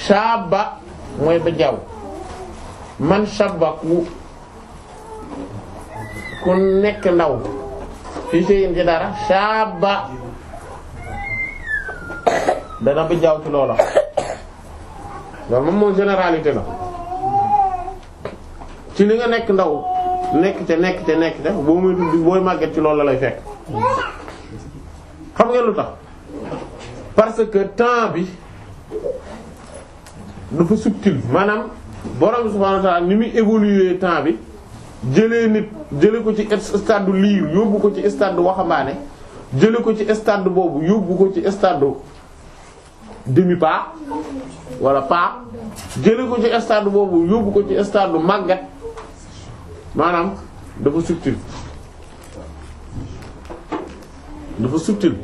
A: shabba mooy ba jaaw man shabba ku ku nekk ndaw fii shay'in ci dara shabba dana ba jaaw loola loolu moom moo généralité la ci li nga nekk ndaw nekk te nekk te nekk te boo muy booy màgget ci loolu la lay fekk xam ngeen lu tax parce que temps bi dafa subtil maanaam borom subhaanahu wa ni muy évoluer temps bi jëlee nit jële ko ci stade liir yóbbu ko ci stade waxambaane jële ko ci stade boobu yóbbu ko ci stade demi wala pas jële ko ci stade boobu yóbbu ko ci stade màggat maanaam dafa subtil dafa subtil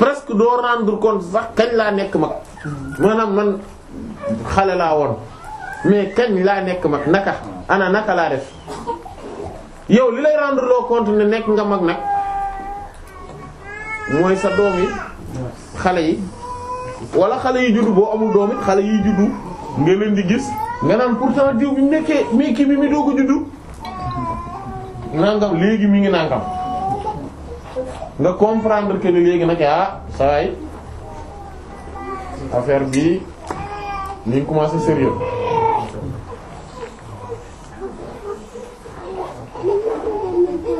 A: presque doo rendre compte sax kañ laa nekk mag maanaam man xale laa woon mais kañ laa nekk mag naka ana naka laa def yow li lay rendre loo compte ne nekk nga mag nag mooy sa doom yi xale yi walla xale yi juddu boo amul doom xale yi juddu nga leen gis nga naan pourtant diw bi mu nekkee mais kii bi mi doog ko juddu nangam léegi mi ngi nangam nga comprendre que ni léegi nag ah saa yi affaire bi ñu ngi commencé sérieux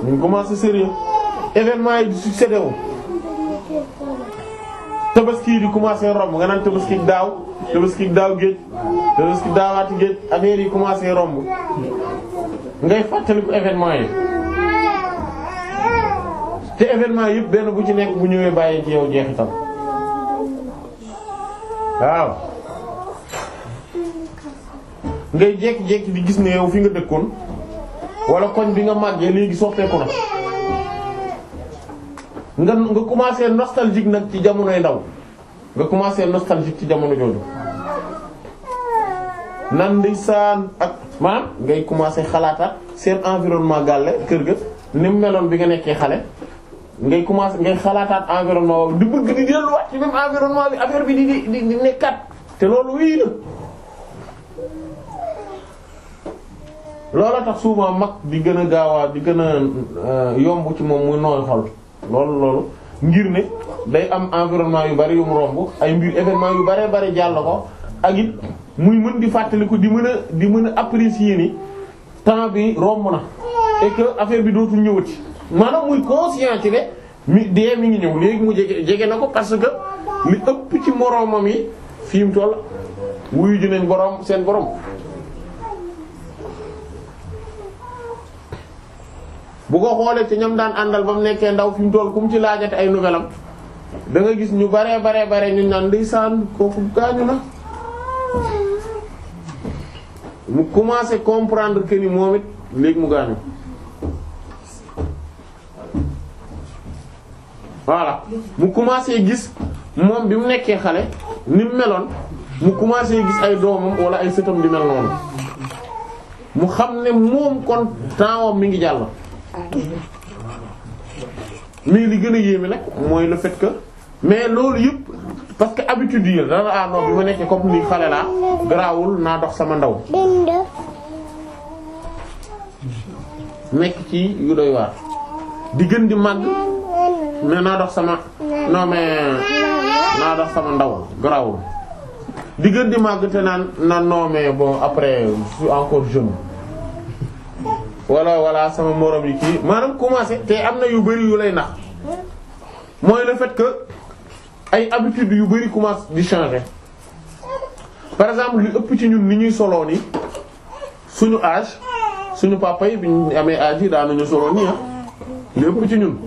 A: ñu ngi commencé sérieux événement yi di succédé tabaski di commencé romb nga naan tabaski daaw tabaski daaw géej tabaski daawaati géej affaire yi commencé romb ngay fàttaliku événement yi te événement yëpp benn bu ci nekk bu ñëwee bàyyee ci yow jeexitam waaw ngay jékki-jékki di gis ne yow fi nga dëkkoon wala koñ bi nga màggee léegi soo soppeeku na. nga nga commencé jig nag ci jamonoy ndaw nga commencé nostalgique ci jamono jooju nan ndeysaan ak maanaam ngay commencé xalaataat seen environnement gàlle kër ga ni meloon bi nga nekkee xale ngay commencé ngay xalaataat environnement di bëgg di delluwaat bi affaire bi di di di nekkaat te loolu wii na loola tax souvent mag di gën a gaawaa di gën a euh, yomb ci moom muy nooy xol loolu loolu ngir ne day am environnement yu bari yu romb ay mbir événement yu baree bari jàll ko ak it muy mën di fàttaliku di mën a di mën a apprécier ni temps bi romb na et que affaire bi dootul ñëwati maanaam muy conscient ci ne di dee mi ngi ñëw léegi mu jege jege na ko parce que li ëpp ci moroomam yi fi mu toll wuyu ji nañ borom seen borom. bu ko xoolee ci ñoom daan àndal ba mu nekkee ndaw fi mu toll ku mu ci laajate ay nouvelle am da gis ñu baree baree bare ñu naan ndeysaan kooku gaañu na. mu commencé comprendre que ni moom it léegi mu gaañu. voilà mu commencé gis moom bi mu nekkee xale ni meloon mu commencé gis ay doomam wala ay sëtam di mel noonu mu xam ne moom kon temps mi ngi jàll. mais li gën a yéeme nag mooy le fait mais loolu yëpp parce que habitude yi la ah non bi ma nekkee comme ni xale laa garaawul naa dox sama ndaw. nekk ci yu doy waar di gën di màgg mais naa dox sama non naa dox sama ndaw garaawul di gën di màgg te naan naan non mais après je encore jeune. wala wala sama morom yi kii maanaam commencé te am na yu bari yu lay nax mooy le que ay habitudes yu bari commencé di changer par exemple lu ëpp ci ñun ni ñuy soloo ni suñu âge suñu papa yi bi ñu amee âge yi daanañu soloo nii ah lu ëpp ci ñun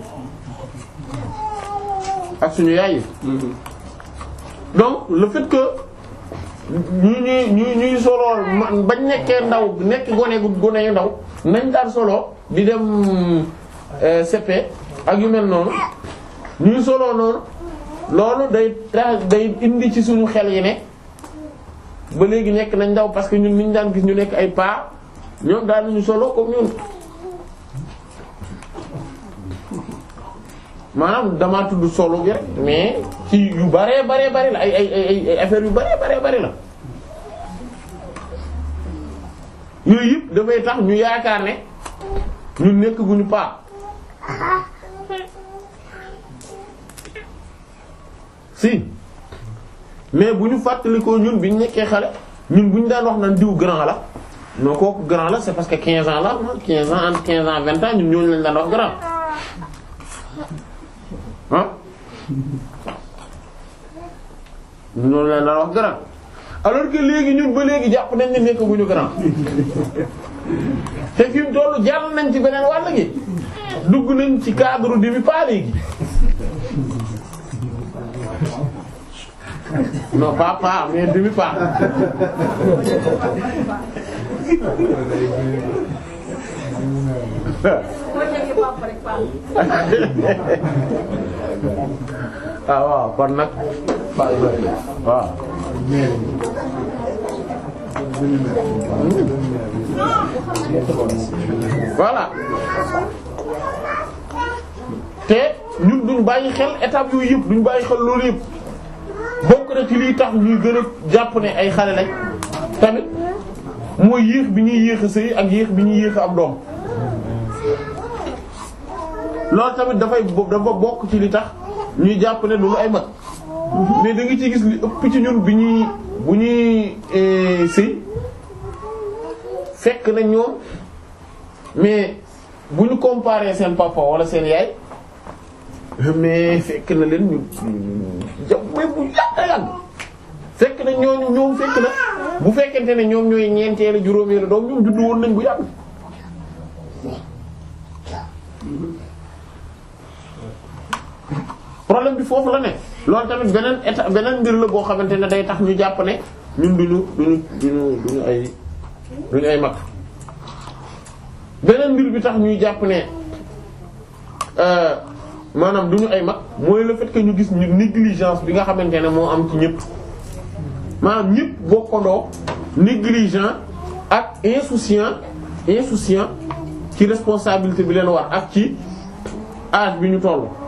A: ak suñu yaay yi donc le fait que ñu ñuy ñu ñuy soloo bañ nekkee ndaw nekk gone gu gone yu ndaw nañ daan solo di dem CP euh, ak yu mel noonu ñuy solo noonu loolu day tax day indi ci suñu xel yi ne ba léegi nekk nañ ndaw parce que ñu niñ daan gis ñu nekk ay paa ñoom daan ñu solo comme ñun maanaam damaa tudd solo bi rek mais ci yu bare bare bare la ay ay ay affaire yu bare bare bare la yooyu yëpp dafay tax ñu yaakaar ne ñu nekk gu ñu paap si mais bu ñu fàttalikoo ñun bi ñu nekkee xale ñun bu ñu daan wax na diw grand la non kooku grand la c'est parce que 15 ans la 15 ans entre 15 ans 20 ans ñun ñooñu lañ daan wax grand ah ñooñu lañ daan wax grand. alors que léegi ñun ba léegi jàpp nañ ne nekk bu ñu grand te fi mu toll jàll nañ ci beneen wàll gi dugg nañ ci cadre demi pas léegi non pas pas mais demi pas ah waaw kon nag waaw voilà te ñun duñ bàyyi xel étape yooyu yëpp duñ bàyyi xel loolu yëpp bokk na ci liy tax ñuy gën a jàpp ne ay xale lañ tamit mooy yéex bi ñuy yéex a sëy ak yéex bi ñuy yéex a am doom loolu tamit dafay dafa bokk ci li tax ñuy jàpp ne loolu ay mag mais da nga ciy gis li ëpp ci ñun bi ñuy bu ñuy eh, sëy fekk na ñoom mais bu ñu comparer seen papa wala seen yaay mais fekk na leen ñu ja mais bu yàgg yàgg fekk na ñooñu ñoom fekk na bu fekkente ne ñoom ñooy ñeenteelu juróomeelu doom ñoom juddu woon nañ bu yàgg. problème bi foofu la ne. loolu tamit beneen état beneen mbir la boo xamante ne day tax ñu jàpp ne ñun duñu duñu duñu duñu ay duñu ay mag beneen mbir bi tax ñuy jàpp ne euh, maanaam duñu ay mag mooy le fait que ñu gis ñu négligence bi nga xamante ne moo am ci ñëpp maanaam ñëpp bokkandoo négligent ak insouciant insouciant ci responsabilité bi leen war ak ci âge bi ñu tollu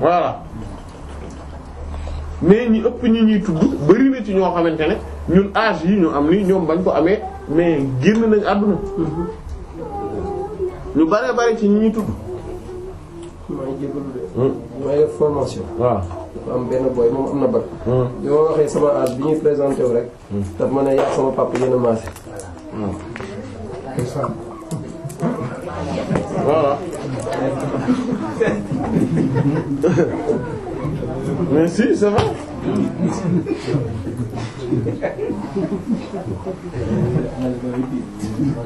A: voilà mais ñi ëpp ñi ñuy tudd bari na ci ñoo xamante ne ñun âge yi ñu am nii ñoom bañ ko amee mais génn nañ àdduna ñu bare bare ci ñi ñuy tudd. maa ngi jégalu de. Hmm. maa ngi waaw dafa am benn boy moom am na bag. Hmm. bi waxee sama âge bi ñuy présenté wu rek. Hmm. daf ma ne yaa sama papa yéen maase. voilà. mais si c'est vrai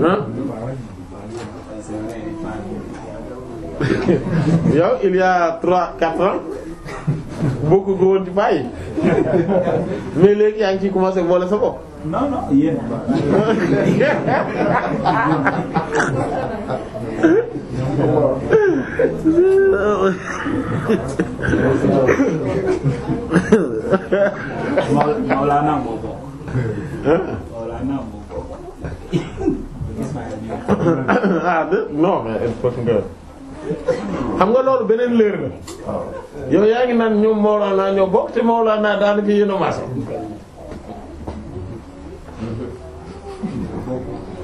A: hein il y a trois quatre ans bokk ko woon ci bàyyi mais léegi yaa ngi ciy commencé boole sa bopp. non
B: Mawlana
A: moo bokk. Mawlana moo bokk. ah non mais parce que xam nga loolu beneen leer la. yow yaa ngi naan ñoom Mawlana ñoo bokk te Mawlana daanaka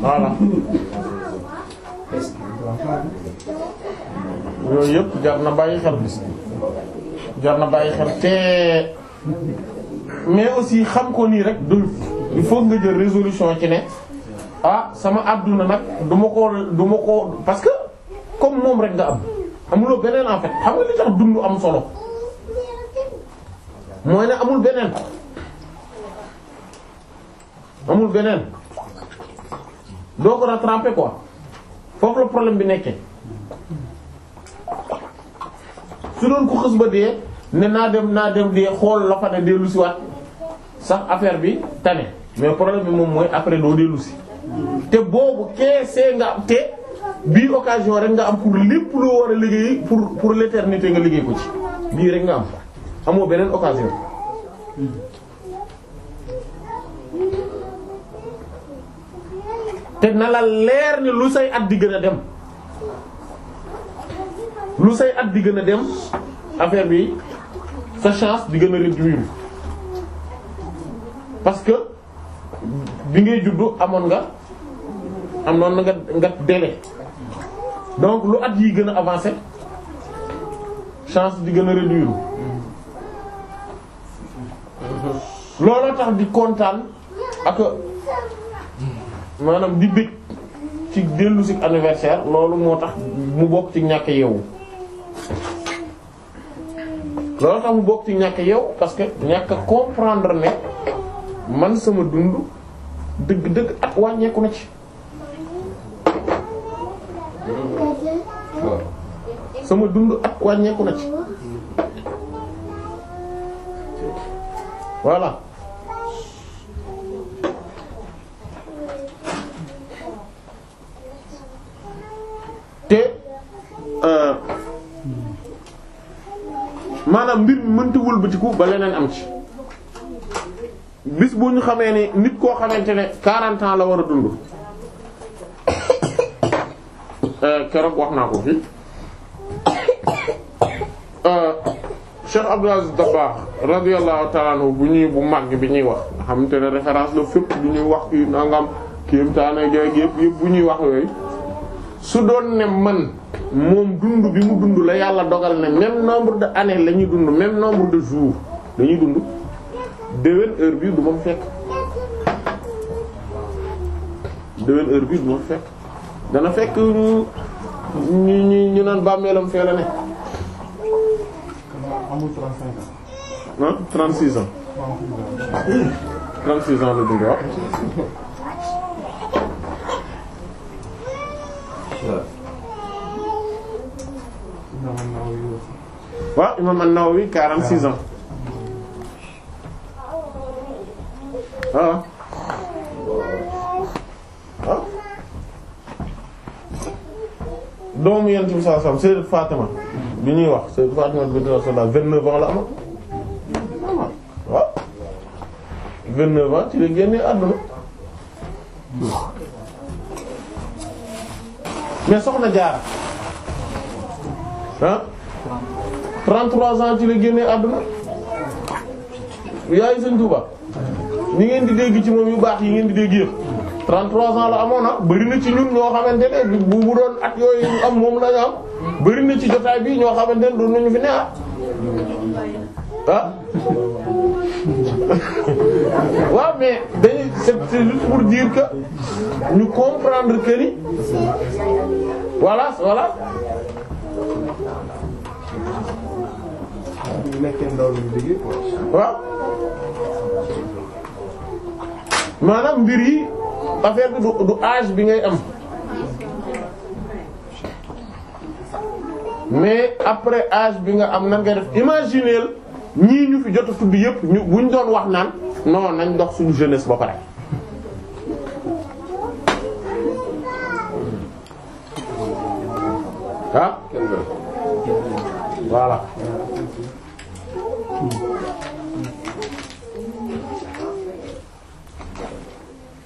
A: voilà yooyu yëpp jar na bàyyi xel bi jar na bàyyi xel te mais aussi xam ko nii rek du il faut nga jël résolution ci ne ah sama àdduna nag duma ko du ma ko parce que comme moom rek nga am amuloo beneen en fait xam tax dund am solo mooy ne amul beneen amul beneen doo ko rattraper quoi foofu la problème bi nekkee su doon ko xës ba dee ne naa dem naa dem dee xool la fa ne dellu si waat sax affaire bi tane mais problème bi moom mooy après doo dellu si te boobu keesee nga te bii occasion rek nga am pour lépp lu war a liggéey pour pour l'éternité nga liggéey ko ci bii rek nga am amoo beneen occasion. te na la leer ni lu say at di gën a dem lu say at di gën a dem affaire bi sa chance di gën a réduire parce que bi ngay juddu amoon nga am noonu nga nga délai donc lu at yi gën a avancé chance di gën a réduire looloo tax di kontaan ak maanaam di bëgg ci dellu si anniversaire loolu moo tax mu bokk ci ñàkk yeewu loolu tax mu bokk ci ñàkk yeewu parce que ñàkk a comprendre ne man sama dund dëgg-dëgg at wàññeeku na ci sama dund at wàññeeku na ci voilà te euh, maanaam mbir mi mënti wëlbatiku ba leneen am ci bis bu ñu xamee ni nit koo xamante ne 40 la war a dund euh, keroog wax naa ko fi euh, Cheikh Abdou Aziz Dabakh radiyallahu bu ñuy bu màgg bi ñuy wax nga xamante ne référence la fépp bu ñuy wax kii nangam kii yëpp yëpp bu ñuy wax yooyu. su doon ne man moom dund bi mu dund la yàlla dogal ne même nombre de années la ñuy dund même nombre de jours lañuy dund déwén heure bi du ma fekk heure bi du ma fekk dana fekk ñu ñu ñu naan bàmmeelam fee la ne.
B: amul 35 ans. ah 36 ans.
A: 36 ans la dund waaw. waaw imam an-Nawawi 46 ans waaw ah. ah. waaw doomu yent bi sallallahu alayhi wasallam Sayyidat Fatima bi ñuy wax Sayyidat Fatima bint Rasulullah 29 ans la am waaw 29 ans ci la génnee àdduna mais soxna Jaara ah 33 ans ci la génnee àdduna yaay sëñ Touba ñi ngeen di dégg ci moom yu baax yi ngeen di dégg yëpp 33 ans la amoon ah, na bëri ci ñun ñoo xamante ne bu bu doon at yooyu am moom la ñu am bëri ci jotaay bi ñoo xamante ne doon nañu fi ne ah ah
B: waaw
A: mais dañuy c'est pour dire que ñu comprendre que ni voilà voilà. nekkee ndaw lañu maanaam mbir yi affaire bi du du bi ngay am mais après âge bi nga am nan ngay def imaginer ñii ñu fi jot a tudd yëpp ñu doon wax naan non nañ dox suñu jeunesse ba pare. ah voilà.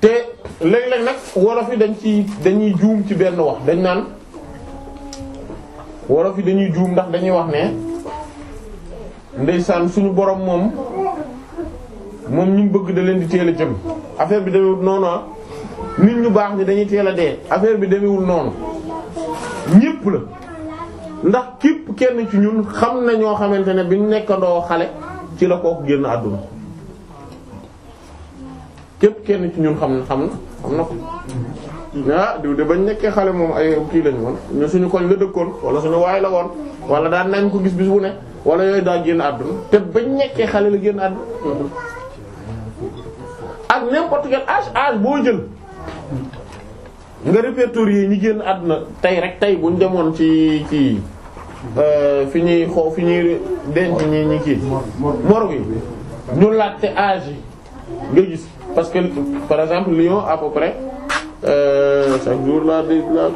A: te léeg-léeg nag wolof yi dañ ci dañuy juum ci benn wax dañ naan wolof yi dañuy juum ndax dañuy wax ne ndeysaan suñu boroom moom moom ñu bëgg da leen di teel a jëm affaire bi demewul noonu ah nit ñu baax ni dañuy teel a dee affaire bi demewul noonu ñépp la ndax képp kenn ci ñun xam na ñoo xamante ne bi ñu nekkandoo xale ci la kooku génn àdduna képp kenn ci ñun xam na xam na xam na ko ah diw de bañ nekkee xale moom ay kii lañ woon ñu suñu koñ la dëkkoon wala suñu waay la woon wala daan nañ ko gis bis bu ne wala yooyu daa génn àdduna te bañ nekkee xale la génn àdduna ak n'importe quel âge âge boo jël nga répertorier yi ñu génn àdduna tey rek tey buñ demoon ci ci euh, fi ñuy xoo fi ñuy denc ñi ñi kii morgue yi ñu laajte âge yi nga gis parce que par exemple Lyon à peu près euh, chaque jour la de la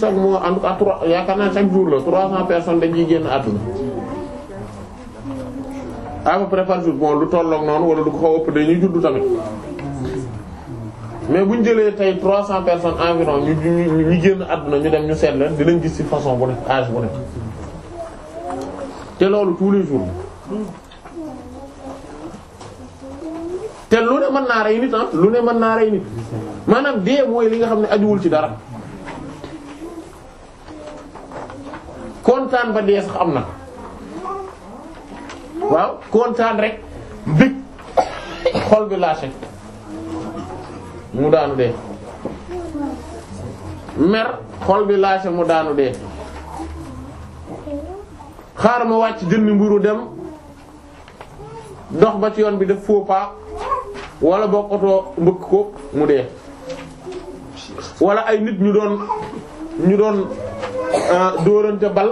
A: chaque a en tout cas trois yaakaar naa chaque jour la trois cents personnes dañuy génn àdduna à peu près par jour bon lu tolloog noonu wala du ko xaw ëpp dañuy juddu tamit mais bu ñu jëlee tey trois cents personnes environ ñu ñu ñu génn àdduna ñu dem ñu seet leen dinañ gis ci façon bu nekk âge bu nekk te loolu tous les jours. te lu ne mën naa rey nit ah lu ne mën naa rey nit maanaam dee mooy li nga xam ne ajuwul ci dara kontaan ba dee sax am na waaw kontaan rek big xol bi lâché mu daanu dee mer xol bi laase mu daanu dee xaar ma wàcc jënd mburu dem dox ba ci yoon bi def faux pas wala boog oto mbëkk ko mu dee wala ay nit ñu doon ñu doon euh, dóorante bal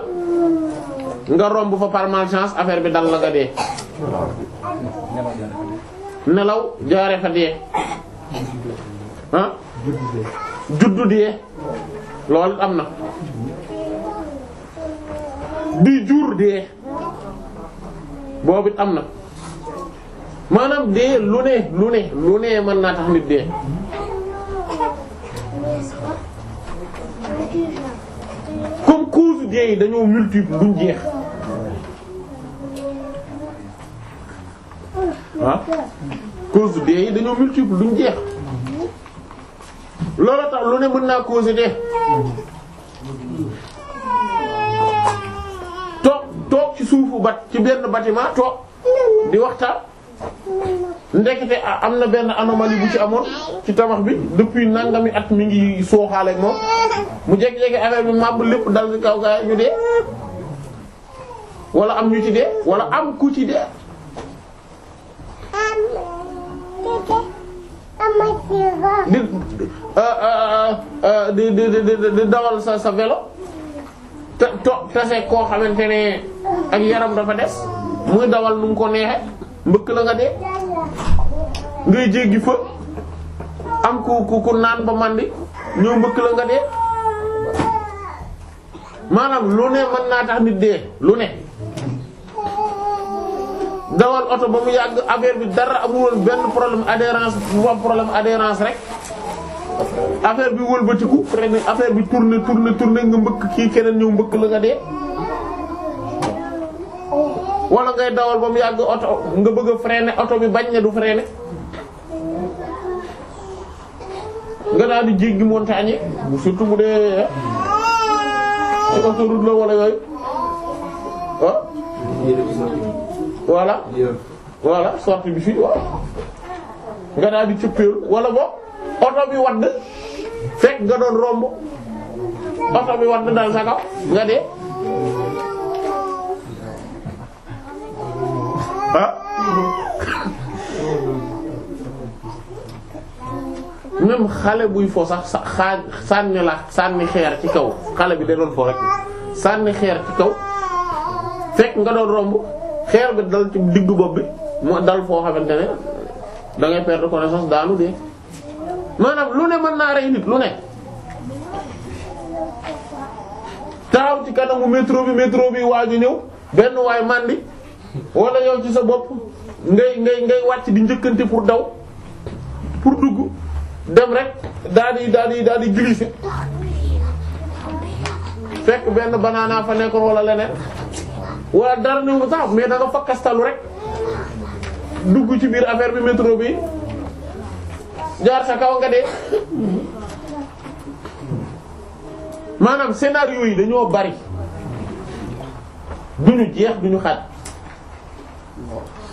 A: nga romb fa par malchance affaire bi dal la nga dee nelaw jaare fa dee ah juddu dee loolu am na di jur dee boobu am na maanaam dee lu ne lu ne lu ne mën naa tax nit dee comme cause dee yi dañoo multiple duñ jeex ah cause dee dañoo multiple duñ jeex loolu tax lu ne mën naa cause dee toog toog ci suufu bat ci benn bâtiment toog di waxtaan ndekete am na benn anomalie bu ci amoon ci tabax bi depuis nangami at mi ngi sooxaale moom mu jékki-jékki affaire bi màbb lépp dal ci kaw gaa ñu dee wala am ñu ci dee wala am ku ci dee. di di di di dawal sa sa vélo to tase koo xamante ne ak yaram dafa des muy dawal nu mu neexee. mbëkk la nga dee ngay jéggi fa am ku ku ku naan ba màndi ñëw mbëkk la nga dee maanaam lu ne mën naa tax nit dee lu ne dawal oto ba mu yàgg affaire bi dara amul benn problème adhérence bu am problème adhérence rek affaire bi wëlbatiku freiné affaire bi tourné tourné tourné nga mbëkk kii keneen ñëw mbëkk la nga dee wala ngay dawal ba mu yàgg oto nga bëgg a ne oto bi bañ ne du freiner nga daal di jéggi montagne yi surtout bu dee ah, la wala yooyu ah. voilà voilà bi fii waaw nga daal di cëppeelu wala boog oto bi wadd fekk nga doon romb oto bi wadd dal sa nga dee. ah xale buy fo sax sa sànni la sànni xeer ci kaw xale bi da doon fo rek sànni xeer ci kaw fekk nga doon romb xeer bi dal diggu bopp bi dal foo xamante ne da ngay perdre connaissance daanu dee maanaam lu ne mën naa rey nit lu ne taxaw ci kanamu métro bi métro bi waaju ñëw benn waay màndi wala yow ci sa bopp ngay ngay ngay wàcc di njëkkante pour daw pour dugg dem rek daal di daal di daal di glisser fekk benn banaana fa nekkoon wala leneen wala dara ni mu sax mais da fakkastalu rek dugg ci biir affaire bi métro bi jaar sa kaw nga dee maanaam scénario yi dañoo bari duñu jeex duñu xaaj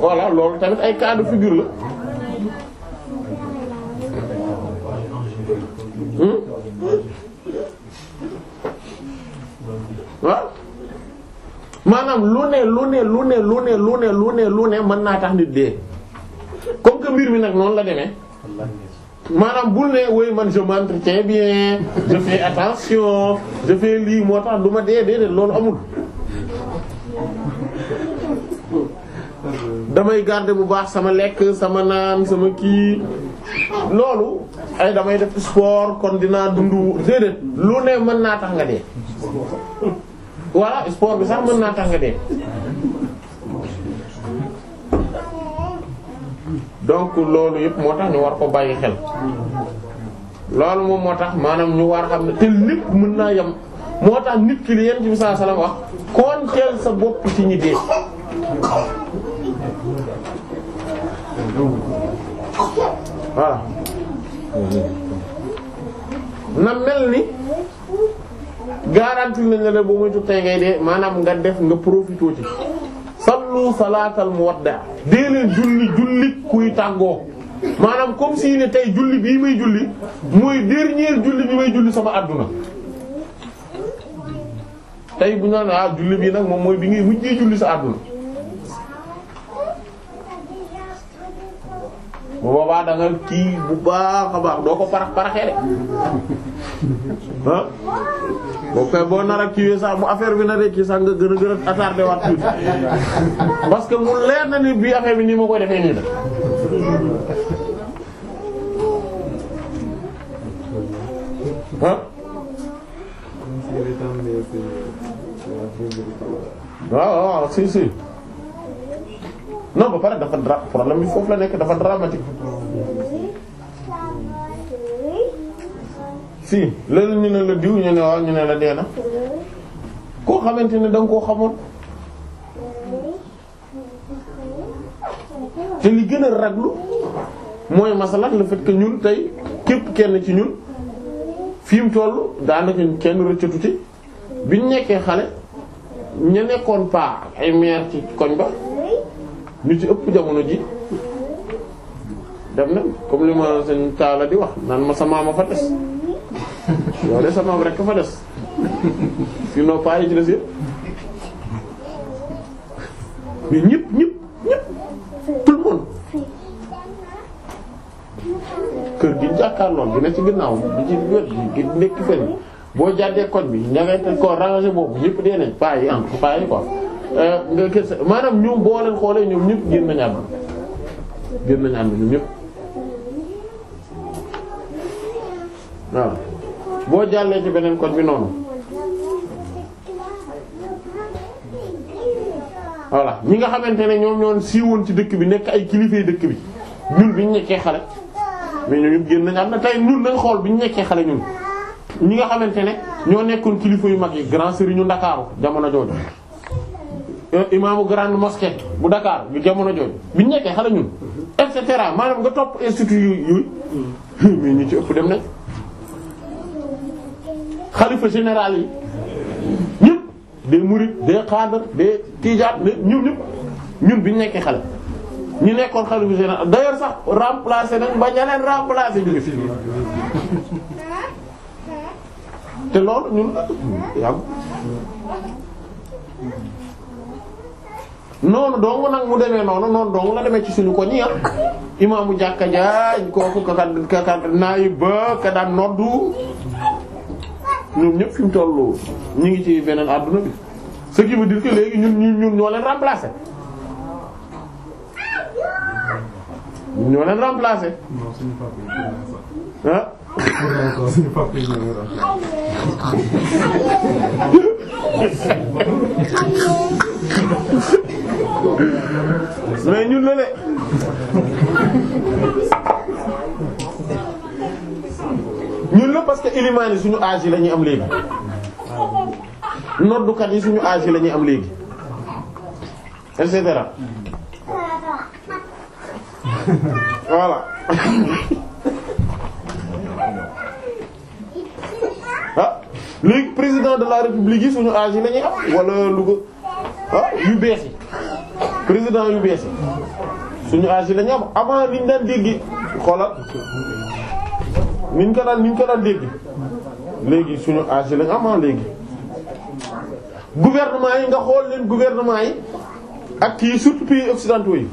A: voilà loolu tamit ay cas de figure la. Hmm? waaw maanaam lu ne lu ne lu ne lu ne lu ne lu ne lu ne mën naa tax nit dee comme que mbir mi nag noonu la demee maanaam bul ne woy man je m'entretiens bien je fais attention je fais lii moo tax du ma dee dee loolu amul. damay garder bu baax sama lekk sama naan sama kii loolu ay damay def sport kon dinaa dundu déedéet lu ne mën naa tax nga dee voilà sport bi sax mën naa tax nga dee donc loolu yëpp moo tax ñu war ko bàyyi xel loolu moom moo tax maanaam ñu war xam ne te lépp mën naa yam moo tax nit ki li yent bi sallallahu alayhi wasallam wax konteel sa bopp ci ñi dee voilà ah. na mel ni garanti nañ la ba muy tut tey ngay dee maanaam nga def nga profitoo ci sallu salaatal muwadda dee leen julli julli kuy tàggoo maanaam comme si ne tey julli bii may julli mooy dernier julli bi may julli sama àdduna tey bu ñu naan a ah, julli bii nag moom mooy bi ngay mujjee julli sa àdduna bu boobaa da nga kii bu baax a baax doo ko parax paraxee de boo koy boo nar a kiiwee sax bu affaire bi naree kii sax nga gën a gën a attardé waat tuuti parce que mu leer na ni bii affaire bi nii ma koy defee nii la. ah. waaw waaw si non ba pare dafa dra problème bi foofu la nekk dafa dramatique si léegi ñu ne la diw ñu ne waaw ñu ne la dee na koo xamante ne da koo xamoon te li gën a raglu mooy masalan le fait que tey képp kenn ci ñun fi mu toll daanaka kenn rëccatu ci biñ nekkee xale ña nekkoon paa ay maire ci koñ ba. ñu ci ëpp jamono ji dem na comme li ma seen taala di wax naan ma sama ma fa des yow de sama rek fa des sinon pas yi ci des yëpp mais ñëpp ñëpp ñëpp tout le monde kër gi jàkkaarloon bi ne ci ginnaaw bi ci wet bi nekk fenn boo jàddee koñ bi ña ko koo rangé boobu ñépp dee nañ paa yi en paa yi Euh, nga gis maanaam ñoom boo leen xoolee ñoom ñëpp génn nañu àdduna génn nañu àdduna ñoom ñëpp waaw boo jàllee ci beneen côté bi noonu voilà ñi nga xamante ne ñoom ñoon siiwoon ci dëkk bi nekk ay kilifay dëkk bi ñun bi ñu nekkee xale mais ñun ñëpp génn nañu àdduna tey ñun lañ xool bi ñu nekkee xale ñun ñi nga xamante ne ñoo nekkoon kilifa yu mag yi grand sëriñu Ndakaaru jamono jooju. Euh, imaamu grande mosquée bu Dakar bu jamono jooju bi ñu nekkee xale ñun et cetera maanaam nga topp institut yu yu hmm. mais ñu ci ëpp dem nañ xalifa général yi ñëpp des mourides des xaadar des tijaat ñun ñun bi ñu nekkee xale ñu nekkoon xalifa général d'ailleurs sax remplacé nañ ba ñeneen remplacé ñu te loolu ñun yàgg noonu dong nag mu demee noonu noonu dong la demee ci suñu ko ñi ah imaamu jàkka jaaj kooku ka ka ka daan noddu ñoom ñëpp fi mu tollu ñu ngi ci beneen àdduna bi ce qui veut léegi ñun ñun ñun ñoo leen remplacer ñoo leen remplacer ah suñu papa mais ñun la de. ñun la parce que ilimaan suñu âge yi la am léegi. noddukat yi suñu âge yi la am léegi. et cetera. léegi président de la république yi suñu âge yi la am wala Louga ah yu bees yi président yu bees suñu âge yi am avant liñ daan dégg xoola niñ ko daan niñ ko daan dégg léegi suñu âge yi la ñu ah, léegi. gouvernement yi nga xool leen gouvernement yi ak kii surtout pays occidentaux yi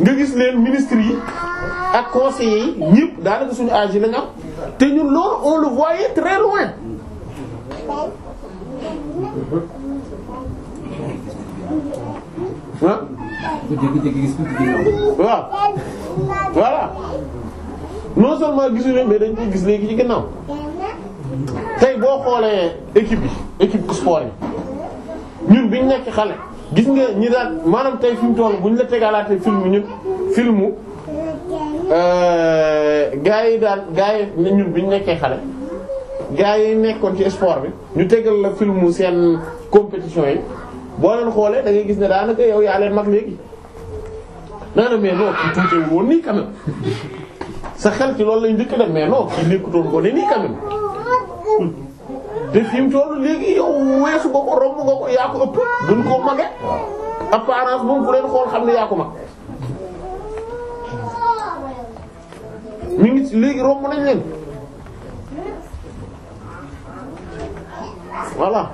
A: nga gis leen ministres yi ak conseillers yi ñëpp daanaka suñu âge yi la am te ñun loolu on le voyait très loin. ah. waaw voilà non seulement gisuñu mais dañ koy gis léegi ci ginnaaw tey boo xoolee équipe yi équipe sport yi ñun biñ nekk xale gis nga ñi daan maanaam tey fi mu toll buñ la tegalaatee film ñun filmu euh, gaa yi daan gaa yi ñun biñ nekkee xale. gaa yi nekkoon ci sport bi ñu tegal la filmu seen compétition yi boo leen xoolee da ngay gis ne daanaka yow yaa leen mag léegi naa ne mais nii quand sa xel ci loolu lañ njëkk dem mais non kii nekkutoon ko ne nii quand même te fi mu léegi yow weesu nga ko romb nga ko yaa ko ëpp duñ ko mage apparence bu mu leen xool xam ne yaa mag
B: mi ngi léegi
A: romb nañ leen. voilà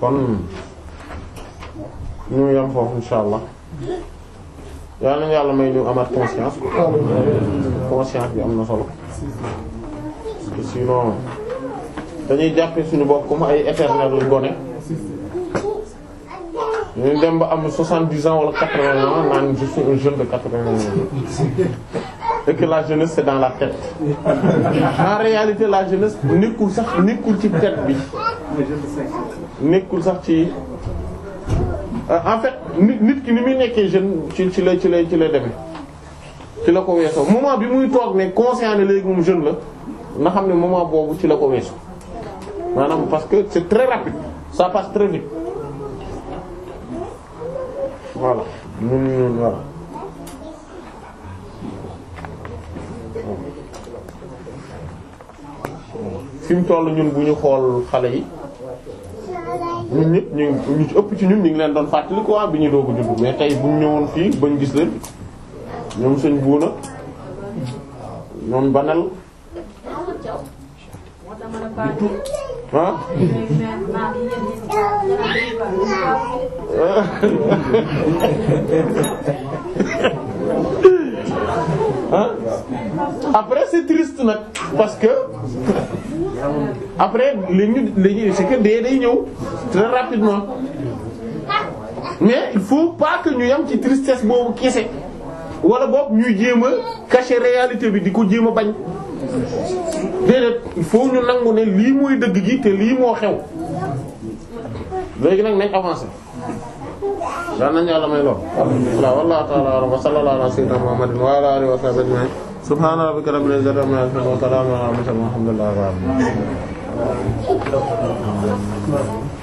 A: kon ñu yam foofu insha allah yal nañu yàlla may ñu amaat conscience conscience bi am na solo sinon dañuy jàppe suñu bopp comme ay éternel gone ñu dem ba am soixante-dix ans wala quatre-vingts ans naan je suis un jeune de quatre-vingts ans et que la jeunesse c'est dans la tête en réalité la jeunesse nekkul sax nekkul ci tête bi nekkul sax ci en fait nit nit ki ni muy nekkee jeune ci ci lay ci lay demee ci la ko weesoo moment bi muy toog ne conscient ne léegi moom jeune la na xam ne moment boobu ci la ko weesoo maanaam parce que c'est très rapide ça passe très vite voilà ñun ñun voilà. fi mu toll ñun bu ñu xool xale yi ñun ñëpp ñu ñu ci ëpp ci ñun ñu ngi leen doon fàttali quoi bi ñu doog a judd mais tey bu ñu ñëwoon fii bañ gis leen ñoom sëñ buuna ñoom banal. ah. ah après c'est triste nag parce que après li ñu li c'est que dee day ñëw très rapidement mais il faut pas que ñu yam ci tristesse boobu kese wala boobu ñuy jéem a cacher réalité bi di ko jéem a bañ. déedéet il faut ñu nangu ne lii mooy dëgg gi te lii moo xew léegi nag nañ avancé daan nañ yàlla may lool alhamdulillah wallahu ta'ala wa sallallahu ala sayyidina muhammadin wa ala alihi wa sahbihi ajma'in subhana rabbika rabbil izzati amma yasifun wa salamun ala al
B: mursalin